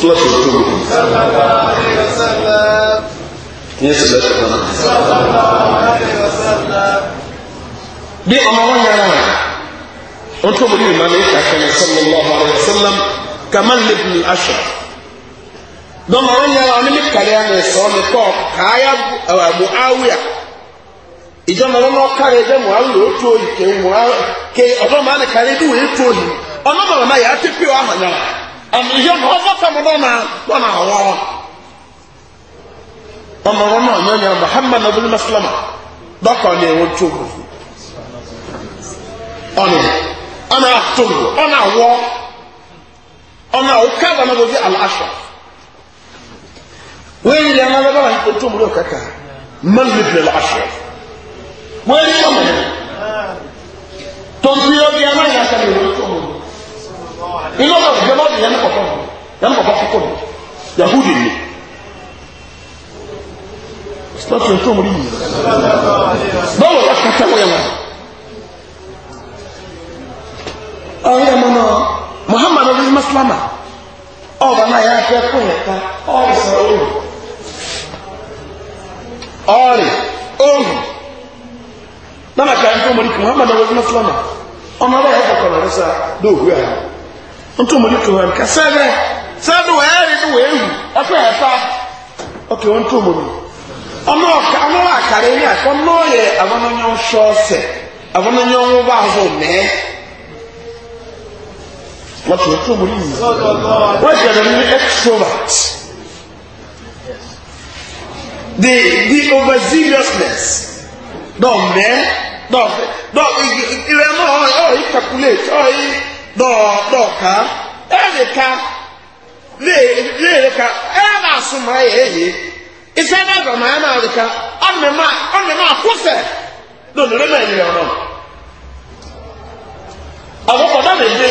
Sọlọ́tì tó wù. Yé sọlọ́ tó wù. Bí ọmọ wọn yára wọn, wọ́n tó wọlé ìmọ̀ ní kàkẹ́ni sọ́lọ́ lọ́wọ́ àwọn ọ̀sọ́lá kàmá lébùn aṣọ. Dọ́mọ̀ wọn yára wọn ní kàlẹ́ àná ẹ̀sọ́ mi kọ́ kàáyà àbò áwíà ìjọba ọmọ kárẹ dẹ mọ àwọn yóò tó ìké mọ ké ọdọ mọ àná kárẹ dẹ wòye tó yìí ọmọ bàbá náà yàá tẹpẹ ọ àmàlà àmì ìyá ọmọ ọfọ fẹmọ náà náà wọn náà wọ. ọmọ wọn náà yẹn yẹn muhammad abdul maslama dọkọ ni ẹwọn tó wọ ọnà ọnà tó wọ ọnà wọ ọnà òkè àbànà bọ bí aláṣọ wọ́n yìí ni àwọn ọmọ bàbá yìí tó tó wọ kàkà mọ́lẹ́bí aláṣọ wọ́n rí ọmọ tó ń fi ọdí ẹmọ ìyá sẹ́mi ìwé tó mọ̀ inú ọmọ ìjọba bọ́ọ̀dù yẹn kọ̀kọ́ yẹn kọ̀kọ́ kọ̀kọ́ mi yahudi mi stọọsì tó mọ̀ rí mi bọ́ọ̀lù wọ́n kàtà wọ́n yẹn wọn. ọ̀hún yẹn mọ̀ náà muhammad ọdún masalama ọba náà yà á fẹ́ kó yẹn ká ọ̀rì sọ̀rọ̀ ọ̀rì ọ̀rì nana ka ntɔ mɔri kun hama na wɔdi na filama ɔno aba yɛ kɔkɔ na ne sa do ohu ayi ntɔ mɔri kun hama ka bɛ sɛ do wɔyɛ ɛri do wɔyɛ ewu ɛfɛ yɛ fa ɔkè wɔn ntɔ mɔri ɔno ɔka ɔno wa akari ni akɔ no yɛ abananyɔn sɔɔsɛ abananyɔn ba ahɔ mɛɛ wɔtɔ ntɔ mɔri yi wɔtɔ ɛdɛm ni extrovert the the overzealousness dɔɔ mɛɛ dɔɔ dɔɔ ilẹ̀ náà ọ̀ yìí calculate ọ̀ yìí dɔɔ dɔɔ ká ẹ̀ lè ká lè lè ká ẹ̀ bá sùnmọ́ ẹ̀ yẹ yìí iṣẹ́ náà dɔ̀mọ́ ẹ̀ náà lè ká ɔnìmọ̀ ɔnìmọ̀ àkóso ẹ̀ lónìí lè mẹ́rin rẹ̀ ọ̀nà. àwọn kọ̀dọ̀ lè dé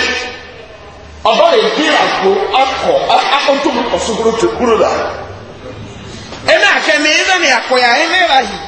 ọ̀dọ̀ lè dé àgbo akọ̀ akọ̀ntòmù kọ̀sùn kúrò tó kúrò là ẹ̀ náà kẹ́ mi ẹ̀ náà ni àkọ̀yà ẹ̀ náà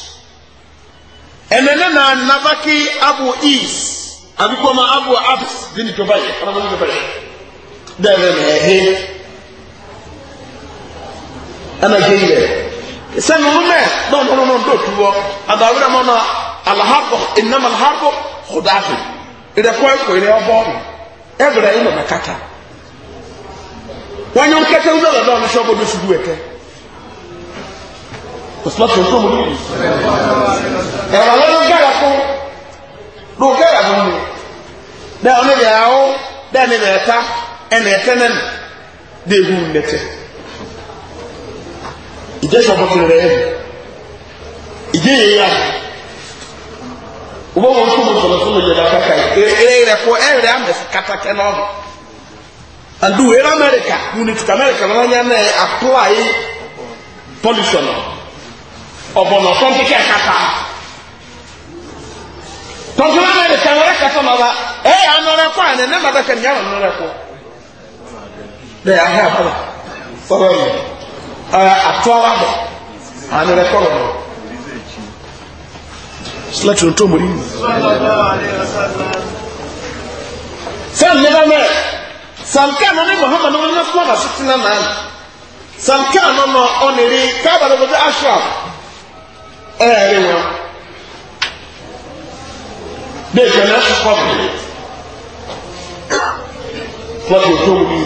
Enene na nabaki abu is abi kɔma abu abs di ni toba yɛ ɔnabɔ ni na ɛhe ɛna ke yi yɛ sɛni mo mɛ dɔn dɔn dɔn dɔn tu bɔ adawura mo na alahabɔ enam alahabɔ kudafi ìdẹkọ ẹkọ ìrẹ na kata wọn yọ nkẹtẹ wúlọ òsùlọ́tì òkú mu nínú ẹ̀rọ wọn ló gẹ́rẹ̀ kú ló gẹ́rẹ̀ kú mu dẹ́ ọ níbi ẹ̀hó dẹ́ níbi ẹ̀ta ẹ̀nà ẹ̀tẹ́ nẹ́nu dẹ́ ihu nẹ́tẹ́ ìjẹ́ sọ̀bọ̀ rẹ̀ ẹ̀hìn ìjẹ́ yìí yá wọ́n wọ́n kú mu sọ̀rọ̀ fún mi yẹ̀dá kàkà yìí ẹ̀rẹ̀ rẹ̀ ẹ̀rẹ̀ amẹ̀sì kàtàkẹ́ náà nù àdúwẹ̀rẹ̀ amẹ́ríkà unit amẹ́ríkà lọ́nà yẹn náà apply pollution ọ̀bọ̀nà fún kíkẹ́ kàkà tọ́jú náà lè kàn wọ́n kàtọ́ lọ́ba ẹ̀ yà nọ́rẹ́ kọ́ àná ẹ̀ màbẹ́ kẹ́ nyàrá nọ́rẹ́ kọ́ bẹ́ẹ̀ yà hẹ́ àbọ̀là ọ̀rọ̀ yìí ẹ̀ àtọ́ wa bẹ̀ àná rẹ̀ kọ́ lọ́ba. sílẹ̀tì ló tó mọ̀ yìí. sẹ́ẹ̀n nígbà mẹ́ sànkà náà ní muhammadu wọn ní kọ́ ọ̀nà sí tìǹà náà sànkà náà ọ̀nà èrè káàbà lọ́gbọ́dọ̀ aṣọ àwọn ẹ̀rí wọn bí ìṣẹ̀ náà ṣe pọ̀ bìí wọ́n ti tó wù mí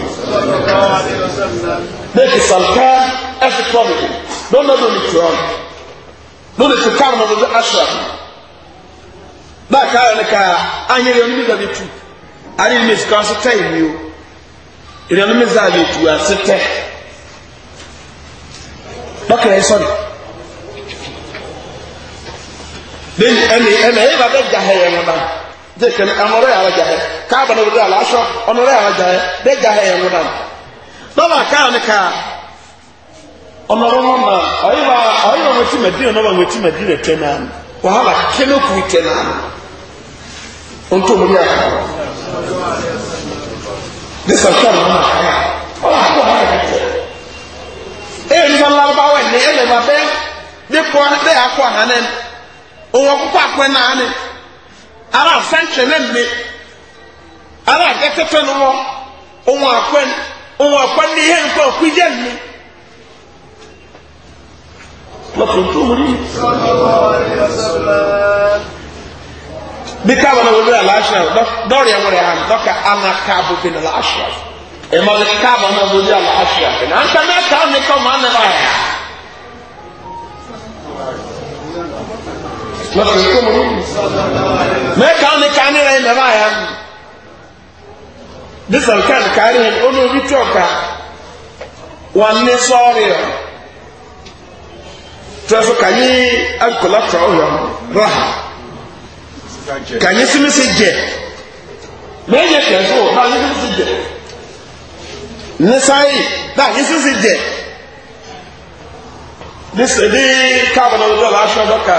bí ìṣẹ̀ sàlùkà ẹ̀ ṣe pọ̀ bìí lọ́nà lónìí tó ọ̀nà lónìí tó kárùn ọ̀nà lónìí aṣọ àná báàkà ọ̀nà ká anyere ọ̀nà nígbà mi tu àní mi kàn sí tẹ́ ìmí o ìrìn ọ̀nà mi zà mi tu àti tẹ́ bákẹ́rẹ́ sọ̀rọ̀. lẹ́yìn ẹni ẹni ẹ̀yẹ́ bá bẹ́ jahẹ yẹn wọn náà jẹ́ kẹ́ni ọmọdé yàrá jahẹ káàbà ní ọdún aláṣọ ọmọdé yàrá jahẹ bẹ́ jahẹ yẹn wọn lọ́wọ́ káà ní ká ọmọdé wọn náà ọ̀yẹ́ bá ọ̀yẹ́ bá wọ́n ti mẹ̀ dín ọ̀nà wọ́n ti mẹ̀ dín ẹ̀tẹ́ náà wàhálà kẹ́lẹ́kù ìtẹ́ náà ohun tó mú wọn òun ọkụkọ akpẹ naanị ara asantwe ne ara agatete no Ụwa òun ihe wọn wọlé aláṣẹ dọ́ọ̀rì ẹ̀ wọlé hàn dọ́kà anaka na ala aláṣẹ. Ẹ̀ mọ̀ ní káàbọ̀ náà wọlé aláṣẹ. nkà náà mi kọ́ mọ́ lọ́sọ̀ èkó mọ̀ mẹ́ka ní kánì rẹ̀ ilẹ̀ báyà dísẹ̀l káàdì kárí olórí tí ọ̀ka wọn ní sọ́ọ̀rì ọ̀ tẹ́sọ kàyí agùkọ̀lọ́tọ̀ ọ̀yọ̀ rà kàyí símísì jẹ lẹ́yìn kẹ̀sọ́ náà yí símísì jẹ nísàyí náà yí símísì jẹ dísẹ̀ ní káàbọ̀nà ọjọ́ làásọ̀ dọ́ka.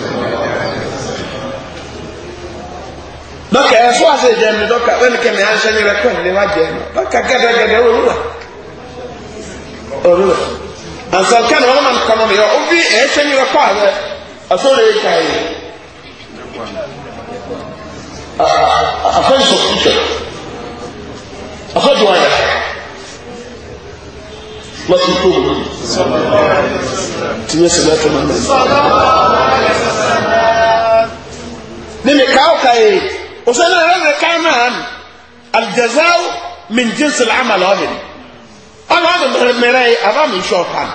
dɔkɛ ɛfɔ ase dɛm ni dɔkɛ wɛni kɛmɛ ansa ni bɛ kɔn ne wa jɛ ma dɔkɛ gɛdɛgɛdɛ owura owura ansan kan wɔn ma kɔnɔ mi yɔ obi ɛsɛ ni bɛ kɔ awɛ asɔre yi ka yi afɔ yi sɔsɔ tɛ afɔ yi wɔyɛ lɔsi tó mu tiɲɛ sɛbɛn tó ma mɛ ne mi ká o yi. وسألنا هذا كمان الجزاء من جنس العمل هذا أنا هذا مراي أمام شوطان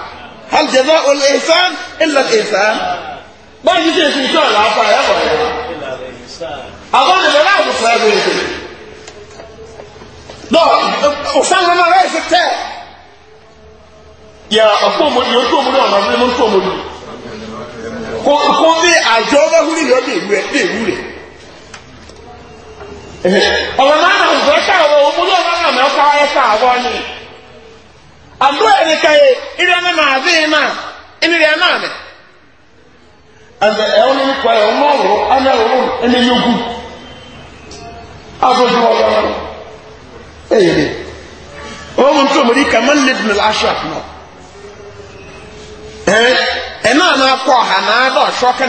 هل جزاء الإحسان إلا الإحسان ما يجي في شغل عفا يا أظن لا أعرف هذا لا أصلا ما رأيت التاء يا أقوم يقوم لا ما في من قوم kó kó bí àjọ bá wúlò yọ ọmọ máa nà ọ̀sọ̀ ẹ̀ka ọ̀rọ̀ òun múlò ọmọ náà mẹ́ọ̀ká ẹ̀ka àwọ̀ ni àbúrò ẹ̀mí káyé ìrì ẹ̀mí máa bí i máa ìrì ẹ̀mí máa mẹ́. ẹ̀bẹ̀ ẹ̀wọ́n ní kọ́ ẹ̀ ọmọ ọ̀rọ̀ ẹ̀mí ọ̀rọ̀ ẹ̀mí yógù àbójú ọ̀rọ̀ ẹ̀yẹ̀ dẹ̀ ọ̀hún tó mọ̀rí kàmá nídìí láṣọ àtúnà ẹ̀ ẹ̀ náà náà kọ́ ọ̀hà náà ṣọ́ kẹ́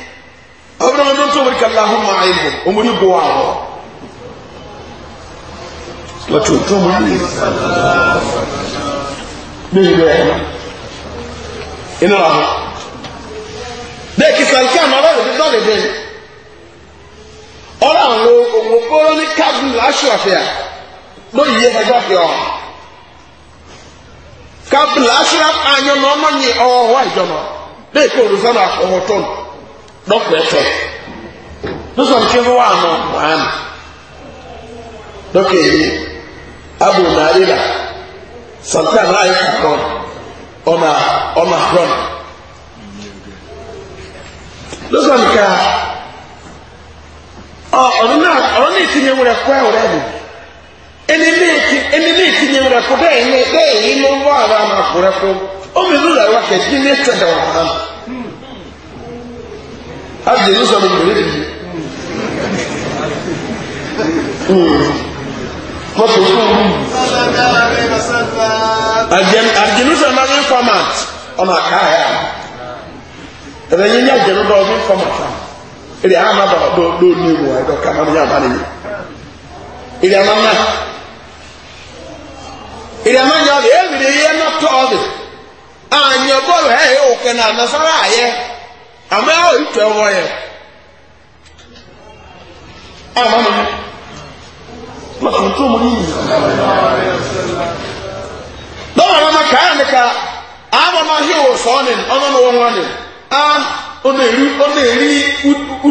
ọbẹ̀rẹ̀ wọn tó wọ́n kàlá hó máa yẹ ọmọ yìí bọ̀ wà wọ́. lọ́tún tó mú mi bí ibi ẹ̀ inú wa hó. bẹ́ẹ̀ kí sàlùkì àná ọ̀rọ̀ rẹ̀ dọ́lẹ̀ dé ọ̀rọ̀ àwọn òwò kóró ní káàdùn láṣọ àfẹ́à lóyè yẹ ẹgbẹ́ àfẹ́ ọ̀ káàdùn láṣọ àyànnà ọmọ yẹn ọ̀họ́ àìjọ́nà bẹ́ẹ̀ kí òrùsọ́nà ọ̀họ́ tọ́nù dɔkɔ ɛtɔ nso nkyɛn bi wa ano wɔn dɔkɔ yi abu naira santan a yɛ kakɔ ɔma ɔma kɔn nso nka ɔ ɔno na ɔno na etinye wura kɔ ɛwura bi ɛni na eti ɛni na etinye wura kɔ dɛ ɛni dɛ ɛyi na ɔwɔ ara na akɔrɛ kɔ ɔmo ewu la wa kɛ ɛdi na ɛtɛ dɛ wɔn ano as jerusalem gbèrè bìí wọ́n tó kú ọ̀hún. àjẹnusọ̀rọ̀ máa ń fọ́màt ọmọ àkáyà ẹ̀rẹ̀ yẹn yẹ àjẹnudọ̀ ọdún fọ́màt a èrè àmà bàbá dọ̀ dọ̀ ní ewu ẹ̀dọ̀ kàmá ní àbá nìyẹn èrè àmà nà èrè àmà nyà ọ̀dẹ̀ èrè yẹn nà tọ̀ ọ̀dẹ̀ ànyẹ̀ bọ́ọ̀lù ẹ̀ yẹ òkè nà nàfàrà ayẹ́. àmọ́ àwọn ìtọ́ ẹwọ́ yẹ àmọ́ mi lọ́kàn tó mú yìí lọ́wọ́ àwọn ọmọ kàá nìka àwọn ọmọ ahíwò sọ́ọ̀nì ọmọ mi wọ́n wọ́n ni a ó lè rí ó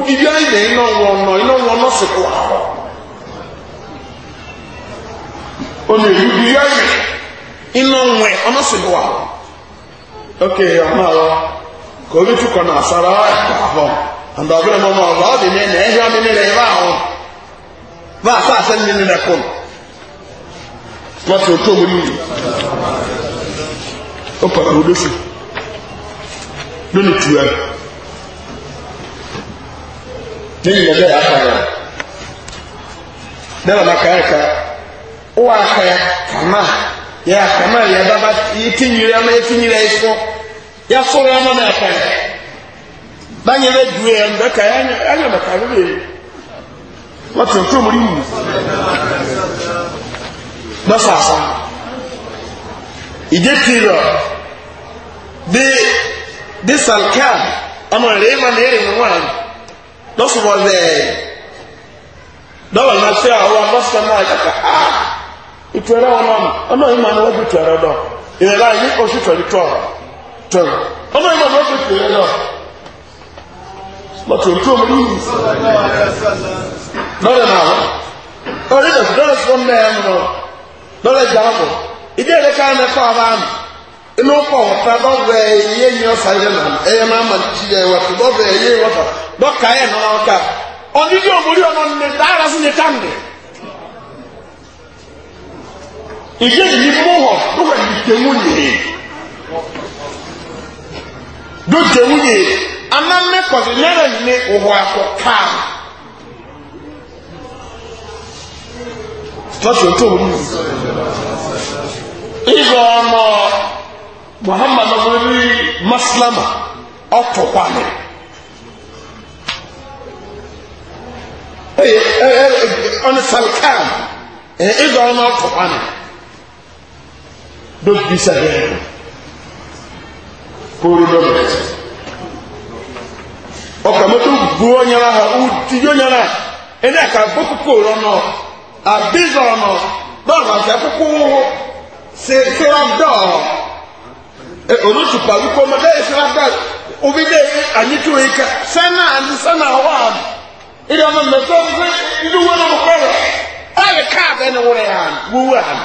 kòmí tukọ̀ náà sára àbọ̀ àndọ̀bẹ̀rẹ̀ mọ́mọ́ ọ̀rọ̀ ọ̀dì ní ẹ̀ ẹ̀hìn ọ̀mí nílẹ̀ ìbá àwọn bá a sáà sẹ́ni nílẹ̀ kùn wọ́n ti tó omi nìyí ó pàtó olóṣù lónìí tu ẹ nínú ìgbà bẹ́ẹ̀ apàdé dẹ́rẹ́ ọ̀nà kàyẹ́kà ó wà kàyẹ́ kàmá yẹ kàmá yẹ bá bá yẹ ti nyere ọmọ yẹ ti nyere ẹ yasọrọ ẹmọ náà kan báyìí bẹ du ẹ ndọka ẹnyẹ ndọka ló lè wọ́n tún tún mú yìí lọ́sàásá ìdí tìrọ bí bí sàlkà ọmọ rẹ̀ ẹ̀ma ní ẹ̀rìn wọn lọ́sọ̀rọ̀ lẹ̀ dọ́wọ̀ náà ṣe àwọn abọ́sọ̀ náà yàtọ̀ á ìtura wọn náà ọ̀nà ìmọ̀ ni wọ́n ti tura dọ̀ ìrẹ̀lá yìí oṣù tẹ̀lé tọ́ ọmọ ìgbà wọ́n ṣe pè é lọ lọ́tọ̀ tó mú yìí lọ́rẹ̀ náà wọ́n lọ́rẹ̀ náà lọ́rẹ̀ sọ mẹ́ẹ̀ mọ́ lọ́rẹ̀ jáàbọ̀ ìdí ẹ̀rẹ́ ká ẹ̀mẹ́ fọ́ ara mi inú kọ̀ wọ́pẹ́ bọ́ọ̀bẹ̀ ẹ̀yẹ ni ọ̀sà yẹn nà ẹ̀yẹ máa ma ti ẹ̀ wọ́pẹ́ bọ́ọ̀bẹ̀ ẹ̀yẹ wọ́pẹ́ dọ́kà ẹ̀ nà ọ̀kà ọ̀dídí òmùrí ọ̀nà ní dára sí ní táǹdì ìdí èyí mú hàn tó wẹ̀ ní tẹ̀wọ́ yìí. dókítà wúnyè anánnẹ kọsí nyẹrẹ ní òhò akọ otu tọ́sí o tó muhammadu wọlé masilama ọtọ kwami. ɔne salkam ɛyɛ israel pụrụ n'obe ọka moto bu onyara ha onye na ene ka bokoko ọnọ abiza ọnọ dọọba nke akwụkwọ ụwụ si sịra dọọ olusupa wikọ ma dee sịra dọọ obi dee anyị tụrụ ike sana anyị sana anyị ịdị ọma ndị uwe na kaadị ya wuwe anyị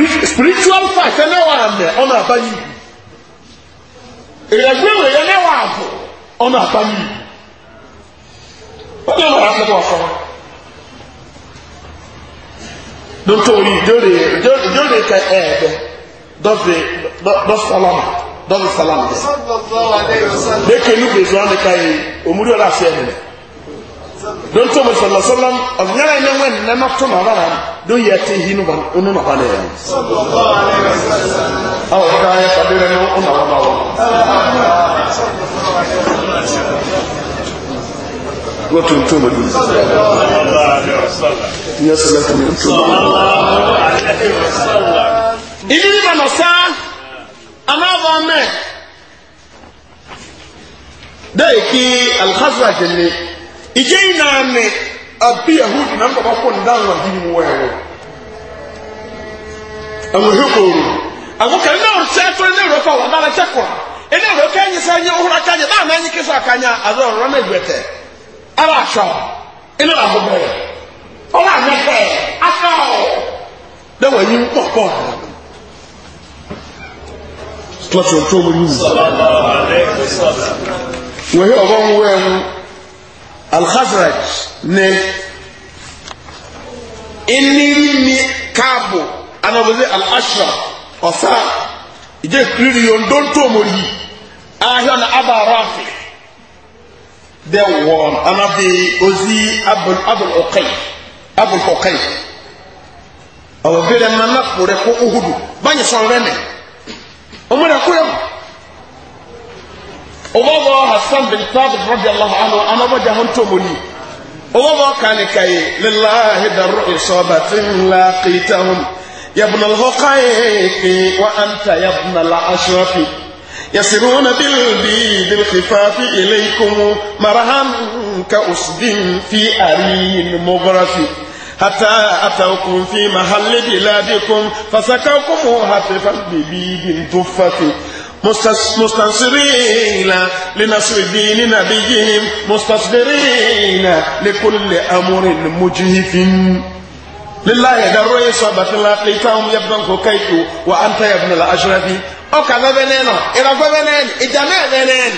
spiritual fight ẹ náà wà mẹ ọ̀nà àbáyé ìrẹ̀gbẹ̀wé ẹ náà wà àbọ̀ ọ̀nà àbáyé wọ́n náà wà ápẹ́ wọ́n fọwọ́ nítorí ìjọ́rè ka ẹ̀ẹ́dẹ́ dọ́sálàmù dọ́sálàmù dẹ́kẹ́ ní gbèsè wọn ni ká yìí òmùdí ọ̀la ṣe ẹ̀mẹ̀ don to mo sallallahu sallam o nyara ne wen na no to na bara do ye te hinu ba onu na ba le ya sallallahu alaihi wasallam aw ka ya no onu na ba wa wa to to mo dun sallallahu alaihi wasallam ya sallallahu alaihi wasallam ili ni ba no sa ama ba me dai ki al-khazraj ije naanị abi na mbaba ko ndanwa dini wewe amuhukuru amuka na urseto ne rofa wa bala chakwa ene rofa nyi na ọrụ kisa kanya azo rona gwete ala sho ene la hobere ola nyeke ọrụ da wa yi popo Tuwa tuwa tuwa alhazraj ne eniri ni kaabu anabodi alashra ɔsa ìjẹ́ ìrìn yóò dóńtó mo yìí ahọ́ na abba rafi dẹ́ wọ́n anabi ozi abul abul ọ̀kẹ́ abul ọ̀kẹ́ ọ̀bẹ̀rẹ̀ nana kúrẹ́ kó uhudu báyìí sọ̀rọ̀ rẹ̀ mẹ́ ọmọdé kúrẹ́ mọ́ ọwọ́wọ́ hassan bin thabit rabi allah anu anabọ́jà hàn tó mọ́ni ọwọ́wọ́ kànìkàyè lillahi dàrú ìsọba tí ń la kìtà hùn yabùnà lọ́kàyèké wà á ń ta yabùnà la aṣọ́fì yasiruna bilbi bilkifafi ilaykum marahan ka usbin fi ariyin mugrafi حتى أتوكم في محل بلادكم فسكوكم هاتفا ببيد تفة مستنصرين لنصر دين نبيهم مستصدرين لكل أمر مجهف لله يدروا يصابة لقيتهم يبنك كيف وأنت يا ابن الأشرف أكذا بنينا إرغب بنين إجماع بنين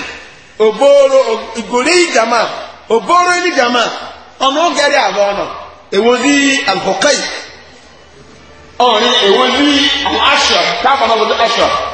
أبورو إقولي جماع أبورو إلي جماع أمو غيري أبونا إوزي الحقيق أوني إوزي الأشرف تعرف أنا أشرف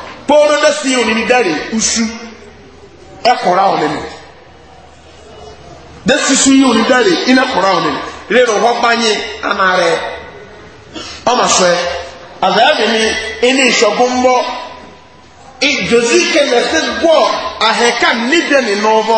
pọ́ọ́nù ndẹ́sí onídàrí usu ẹ̀kọ́ra e ọ̀nẹ́nu ndẹ́sí su yìí onídàrí inẹ́kọ́ra ọ̀nẹ́nu rírun hɔ gbanye anaare ɔma sɔ yɛ azaabi ni ɛni nsɔgbɔnbɔ ìjòzí kẹlẹsẹ gbɔ ahẹka nídẹ nínú ọbọ.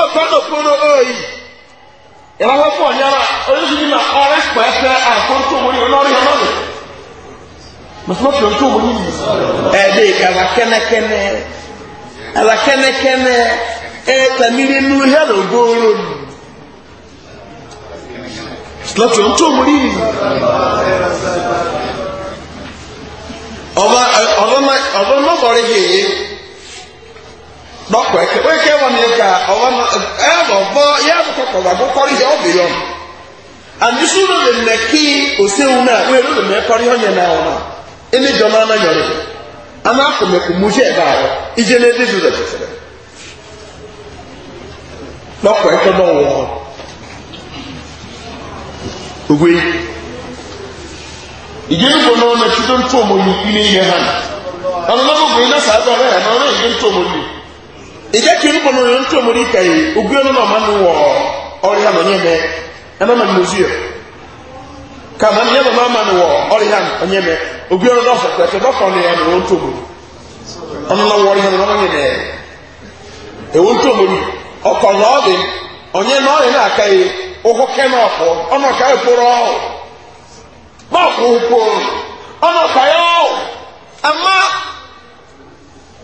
ọ̀sán òpónà òòyì ìrànwọ́ fún ọ̀nyára oríṣiríṣi náà ọ̀rẹ́ pẹ̀ẹ́fẹ́ àkóńtó wọlé ọlọ́rin ọlọ́rin mọ̀sánmọ́sán tó wọlé yìí ẹ̀ẹ́dẹ́ ẹ̀wà kẹ́nẹ́kẹ́nẹ́ ẹ̀wà kẹ́nẹ́kẹ́nẹ́ ẹ̀ẹ́tàmílẹ̀ nú hẹ́lò góoró nù mọ̀sánmọ́sán tó wọlé yìí ọ̀bọ̀n náà bọ̀rẹ̀ yìí dɔkɔ ɛkɛ wɛkɛ wɔn yɛ ka ɔwɔ no ɛbɔ bɔ yɛ abokɔ kɔ wa kɔkɔri yɛ ɔbi yɔn anisu no le mɛki osewu na wɛrɛ no le mɛkɔri yɔ nyɛ na wɔn na ɛne dɔm ana nyɔri ana akɔmɛkɔ mu yɛ ba wɔ idze ne ɛdi do lɛ fɛfɛ dɔkɔ ɛkɛ bɔ wɔ ogbe idze ne bɔ na wɔn na tsi do ntɔ mo yi ile yɛ hã ɔno na mo gbɛ na saa bɛ ɔrɛ yɛ na ɔrɛ yɛ do ntɔ mo yi. ìjẹ́kì ń pọnú ní tó mórí kẹyì ogún ẹnu náà máa ń wọ ọrẹ hàn ọ̀nyẹ́ mẹ́ ẹ máa ma ní mọ̀síọ̀ kàmá ní ẹnu náà máa ń wọ ọrẹ hàn ọ̀nyẹ́ mẹ́ náà ọ̀nà náà wọ ọ̀nyẹ́ mẹ́ ọkọ̀ lọ́ọ̀dì ọ̀nyẹ́ náà náà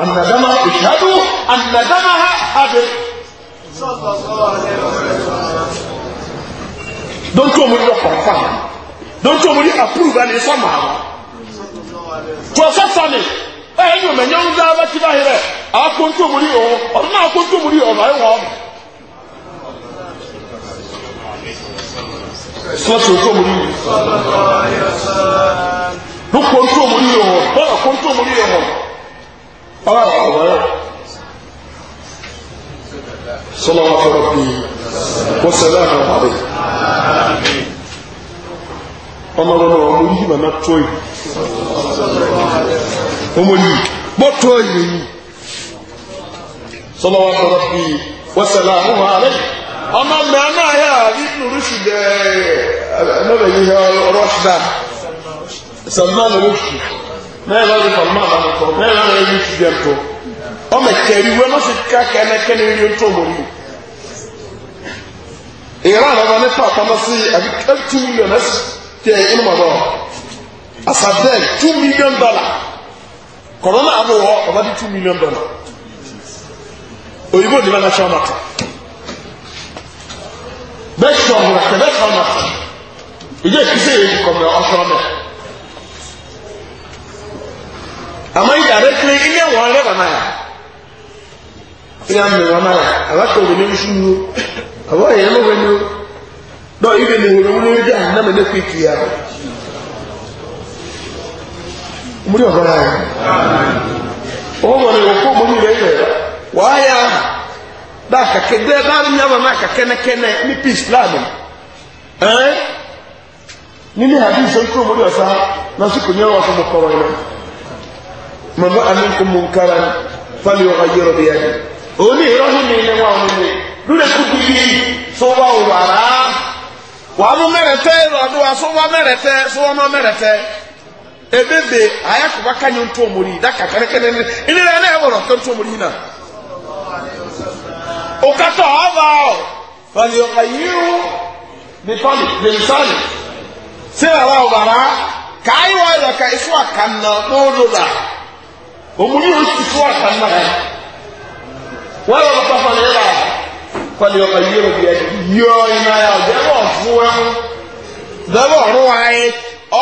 أن دمها اشهدوا أن دمها حبر don tó omori lọ́pọ̀ fáwọn don tó omori approve ẹni sọ́mà wọn tó ọ̀sẹ̀ sani ẹ̀ ẹ̀yìn òmìnira ń dá bá ti báyìí rẹ̀ àákó tó omori ọ̀hún ọ̀dún náà kó tó omori ọ̀rọ̀ ẹ̀ wọ́n. sọ́ọ̀tì tó omori yìí lóko tó omori ọ̀hún bọ́ọ̀ kó tó omori ọ̀hún. أعرض صلى الله ربي وسلام عليه أمرنا أمره ما نتوي أمري ما توي صلى الله ربي وسلام عليه أما معنا يا ابن رشد أنا بيها رشد سلمان رشد mẹ́rin lọ́dún kan máa lọ́dún kan mẹ́rin lọ́dún yìí ti dẹ̀ tó ọmọ ìkẹrì wẹ́n ló sì ká kẹ́nẹ́kẹ́ni yìí tó wọ̀ yìí. ìran àwọn nípa àpamọ́ sí àbí two million ẹ̀sì tẹ inú mọ̀ náà asadẹ́ẹ̀ two million dollar kọ̀rọ̀nà àbúrò ọba di two million dollar òyìnbó ní bá national mata bẹ́ẹ̀ sọ̀rọ̀ bẹ́ẹ̀ sọ̀rọ̀ mata ìjẹ́ ìkísẹ́ yẹn kọ̀ mẹ́ ọ̀ṣọ́rọ̀ mẹ́ta. ama indirectly ihe wọn rẹ bàmá yà ilé àmì bàmá yà àbákọ òde ní nsú wo àbọ yẹn ló wẹni o dọ ibe ni wòlò wòlò dí àná mi ní fi kì í àrò múlí ọ̀gá yà wọn ni wọn kó múlí rẹ yẹ wàá yà dá kàkẹ́ dé báyìí ní àbàmá kàkẹ́nẹ́kẹ́nẹ́ ní pi islam ẹ́ من رأى منكم منكرا فليغير بيده oni ìrọ́lù mi ni wọn ò ní lórí kúkú yìí sọwọ́ ò wà rà á wà á mú mẹ́rẹ̀ẹ́tẹ́ ìrọ̀lù wa sọwọ́ mẹ́rẹ̀ẹ́tẹ́ sọwọ́ mọ́ mẹ́rẹ̀ẹ́tẹ́ ebebe ayakọba kanyi ntọ́ omori daka kẹrẹkẹrẹ ní ilé rẹ náà wọ̀rọ̀ kẹ́ ntọ́ omori yìí náà òkàtà ọ̀bà ọ̀ fàlẹ́ ọ̀bà yìí ó nìkọ́ni nìkọ́ni sí ìrọ̀lù wa rà á kàáyé wọ́n ìrọ̀kà ìfọ̀ àkànnà mọ́ọ́dọ̀dà. omuli osusu akannaga waba bakafanira falyuqayiru biyadihi yoyina yaje bɔfuwɛmu dɛbɛ ɔruwaye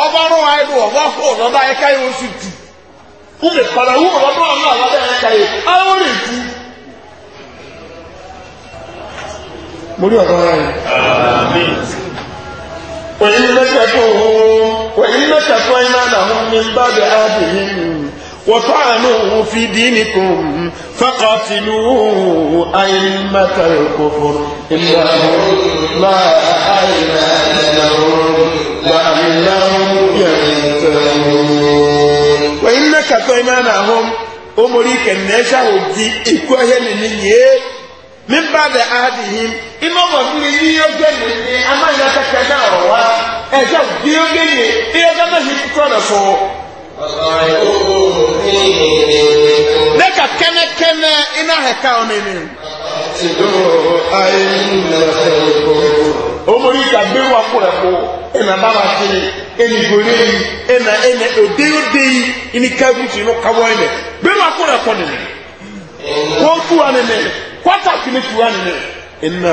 ɔba ruwaye do ɔba fo ɔdɔdɔ ayi ka yi osu tu ume kpala wu ɔdɔdɔ ɔna ɔdɔdɔ ayi ka yi awo le tu mori ɔdɔdɔ ayi. وإن نكثوا وإن نكثوا ma ma na-adị na-adị panu fed fakọti ee e kaye ana ahụ omerkeeeụi keheeaụ ah ka kɛnɛkɛnɛ i n'a ka ɔnene. Sido ayi na ko. Omori ka gbé wa kó rẹ̀ kó. bá wa kiri, na ena na ni tì inú ká wọ́n Gbé wa kó rẹ̀ nìyẹn. Wọ́n tu wa nìyẹn, kọ́tà wa nìyẹn. na.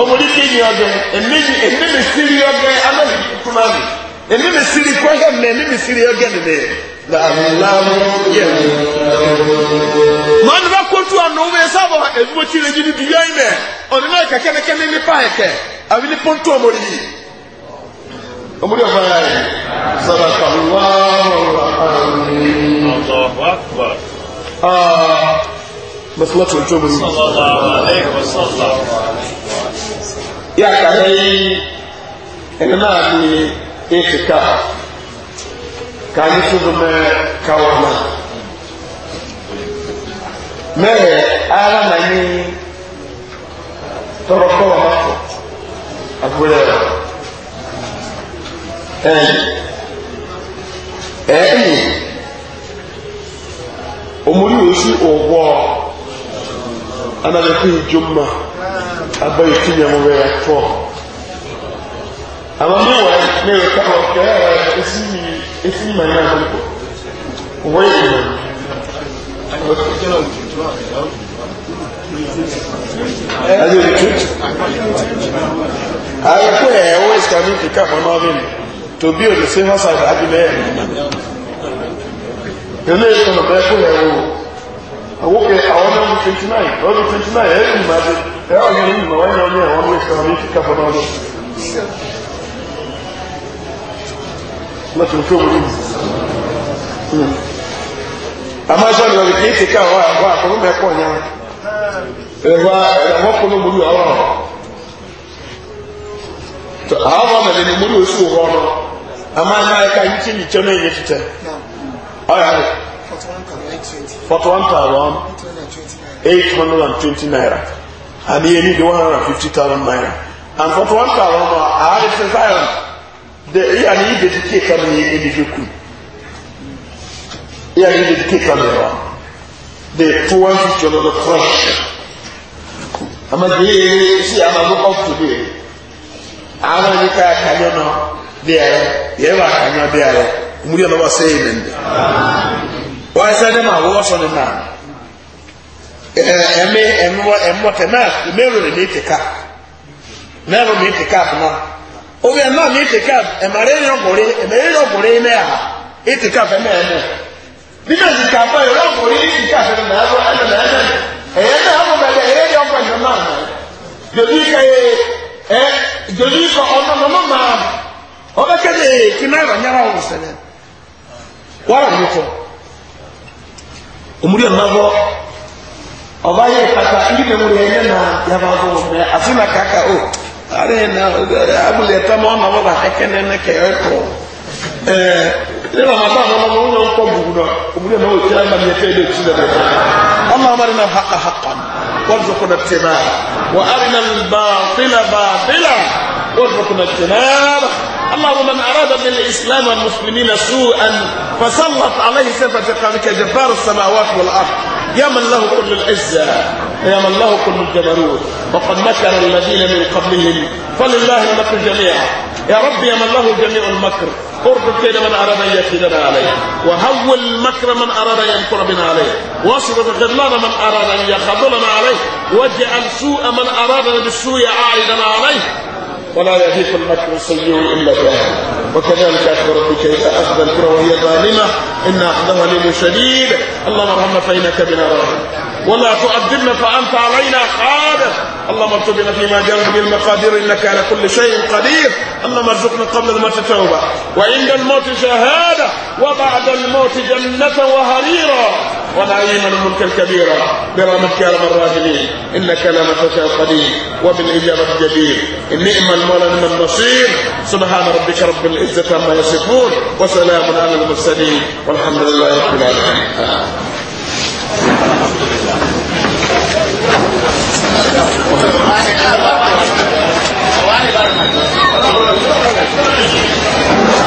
Omori kí sírí èmi mi siri kọ́ ẹ̀ mẹ́ èmi mi siri ẹ̀gẹ́ mi mẹ́. làlámú yẹ. màá nípa kótó àná wọn ẹ sábà èdúgbò tí ìrẹ́jì ni bìyà yín mẹ́ ọ̀nà náà kẹ̀kẹ́ ní kẹ́ni nípa ẹ̀kẹ́ àbí ní pọ́ńtò ọmọ yìí. ọmọdé ọba ah, yà yìí sábà kàwé wá ọ̀rọ̀ Masala tuntun mu. Yà kàlẹ́ yìí, ẹ̀nà náà ni etika ka anyị tụrụ mee kawama mee ara na anyị tọrọ kọwama fọ abụrụ ẹyìn ẹyìn omori osu ụgwọ anaghị fi ijọ mma abaghị tinye m wee fọọ àwọn mẹ́wàá mẹ́wàá káwọn kẹ́rẹ́ etí ní màá ní àkókò wọ́n yìí mọ̀ Ayé òtútù. Ayé kó ẹ̀ ọwọ́ ìsìkàmí kìkà pọ̀nà ọdún tó bí òdì sí hásà àdúgbẹ́ ẹ̀. Ilé ìtọ́nà bẹ́ẹ̀ kó ẹ̀ wò. Àwọn ọmọ 29, ọdún 29, ẹ̀rù ìmọ̀ adé, ẹ̀rọ ìmọ̀ wáyé ọdún ẹ̀wọ̀n lọ́tọ̀ tó wọlé mi àmọ́ ẹ̀ṣọ́ ni ọ̀rẹ́ kìí ṣe ká àwọn àwọn àkọ́kọ́ mẹ́kọ̀ yẹn ẹ̀wà ẹ̀wọ́ kọ́nà mọ́lú àwọn àwọn ọmọ ni mọ́lú oṣù wọ́n ọ̀nà àmọ́ ẹ̀ná ẹ̀ka yìí tí yìí tẹ́lẹ̀ yẹn títẹ̀ ọ̀yà rẹ̀ forty one thousand eight hundred and twenty naira àmì yẹn ní the one hundred and fifty thousand naira and forty one thousand ààrẹ ṣe sáyẹn. de eya ni ibe dike ka mi ebi doku eya ni ibe dike ka mi wa de to one fifty ọdọ fresh amadi eyi si ama mo up to date ama ni ka kanyo nọ de ayọ yẹ wa kanyo de ayọ omuri ọdọ wa sẹyìn wa ẹsẹ ẹdẹ ma wọ sọ ni a. ẹmi ẹmi wọ ẹmi wọ tẹ mi ti ka mi ti ka fún wa. obi ẹ̀ náà ní ìtìkáf ẹ̀mẹ̀rẹ̀ yọ̀gbọ̀rẹ̀ ẹ̀mẹ̀rẹ̀ yọ̀gbọ̀rẹ̀ ilẹ̀ à ìtìkáf ẹ̀mẹ̀ ẹ̀mọ̀ nígbà ìtìkáf ẹ̀mẹ̀ yọ̀gbọ̀rẹ̀ ìtìkáf ẹ̀mẹ̀ ẹ̀mẹ̀ ẹ̀yẹ náà wọ́n bẹ̀rẹ̀ ẹ̀yẹ yọ̀gbọ̀ ẹ̀mẹ̀ ahụ. jòdì ìkà yẹ ẹ jòdì ìkà ọ̀nà mọ̀mọ́ máa ọbẹ̀ kẹ́lẹ̀ kí náà rà nyára wọn sẹ̀lẹ̀ wàrà ọba na o. are na abule tama ọna ọba kẹkẹ nẹnẹ kẹ ẹ kọ ẹ ní ramaba àwọn ọmọ wọn kọ gbogbo náà òbúlé náà òkè ẹnba mi ẹfẹ ẹdẹ òtún lẹbẹ ọmọ ọmọ rẹ náà ha ha pa wọn tún kọ náà tẹ náà wọn arìnrìn bá bílà bá bílà wọn tún kọ náà tẹ اللهم من أراد بالإسلام والمسلمين سوءا فسلط عليه سيف كجبار جبار السماوات والأرض يا من له كل العزة يا من له كل الجبروت وقد مكر الذين من قبلهم فلله المكر جميعا يا رب يا من له جميع المكر اربط كيد من اراد ان يكيدنا عليه وهول مكر من اراد ان يمكر بنا عليه واصرف غضلان من اراد ان يخذلنا عليه واجعل سوء من ارادنا بالسوء عائدا عليه ولا يهيف المكر السيء إلا بها وكذلك اخبر ربك إذا أخذ الكرة وهي ظالمة إن أخذها ليل شديد اللهم ارحمنا فإنك بنا راحم ولا تؤذبنا فأنت علينا قادر اللهم ارزقنا فيما جرت به المقادير إنك على كل شيء قدير اللهم ارزقنا قبل الموت توبة وعند الموت شهادة وبعد الموت جنة وهريرا ونعيما الملك الكبيرا برحمتك يا رب الراحمين انك لا مشاء القدير وبالاجابه الجدير نعم المولى نعم النصير سبحان ربك رب العزه عما يصفون وسلام على المرسلين والحمد لله رب العالمين Thank you.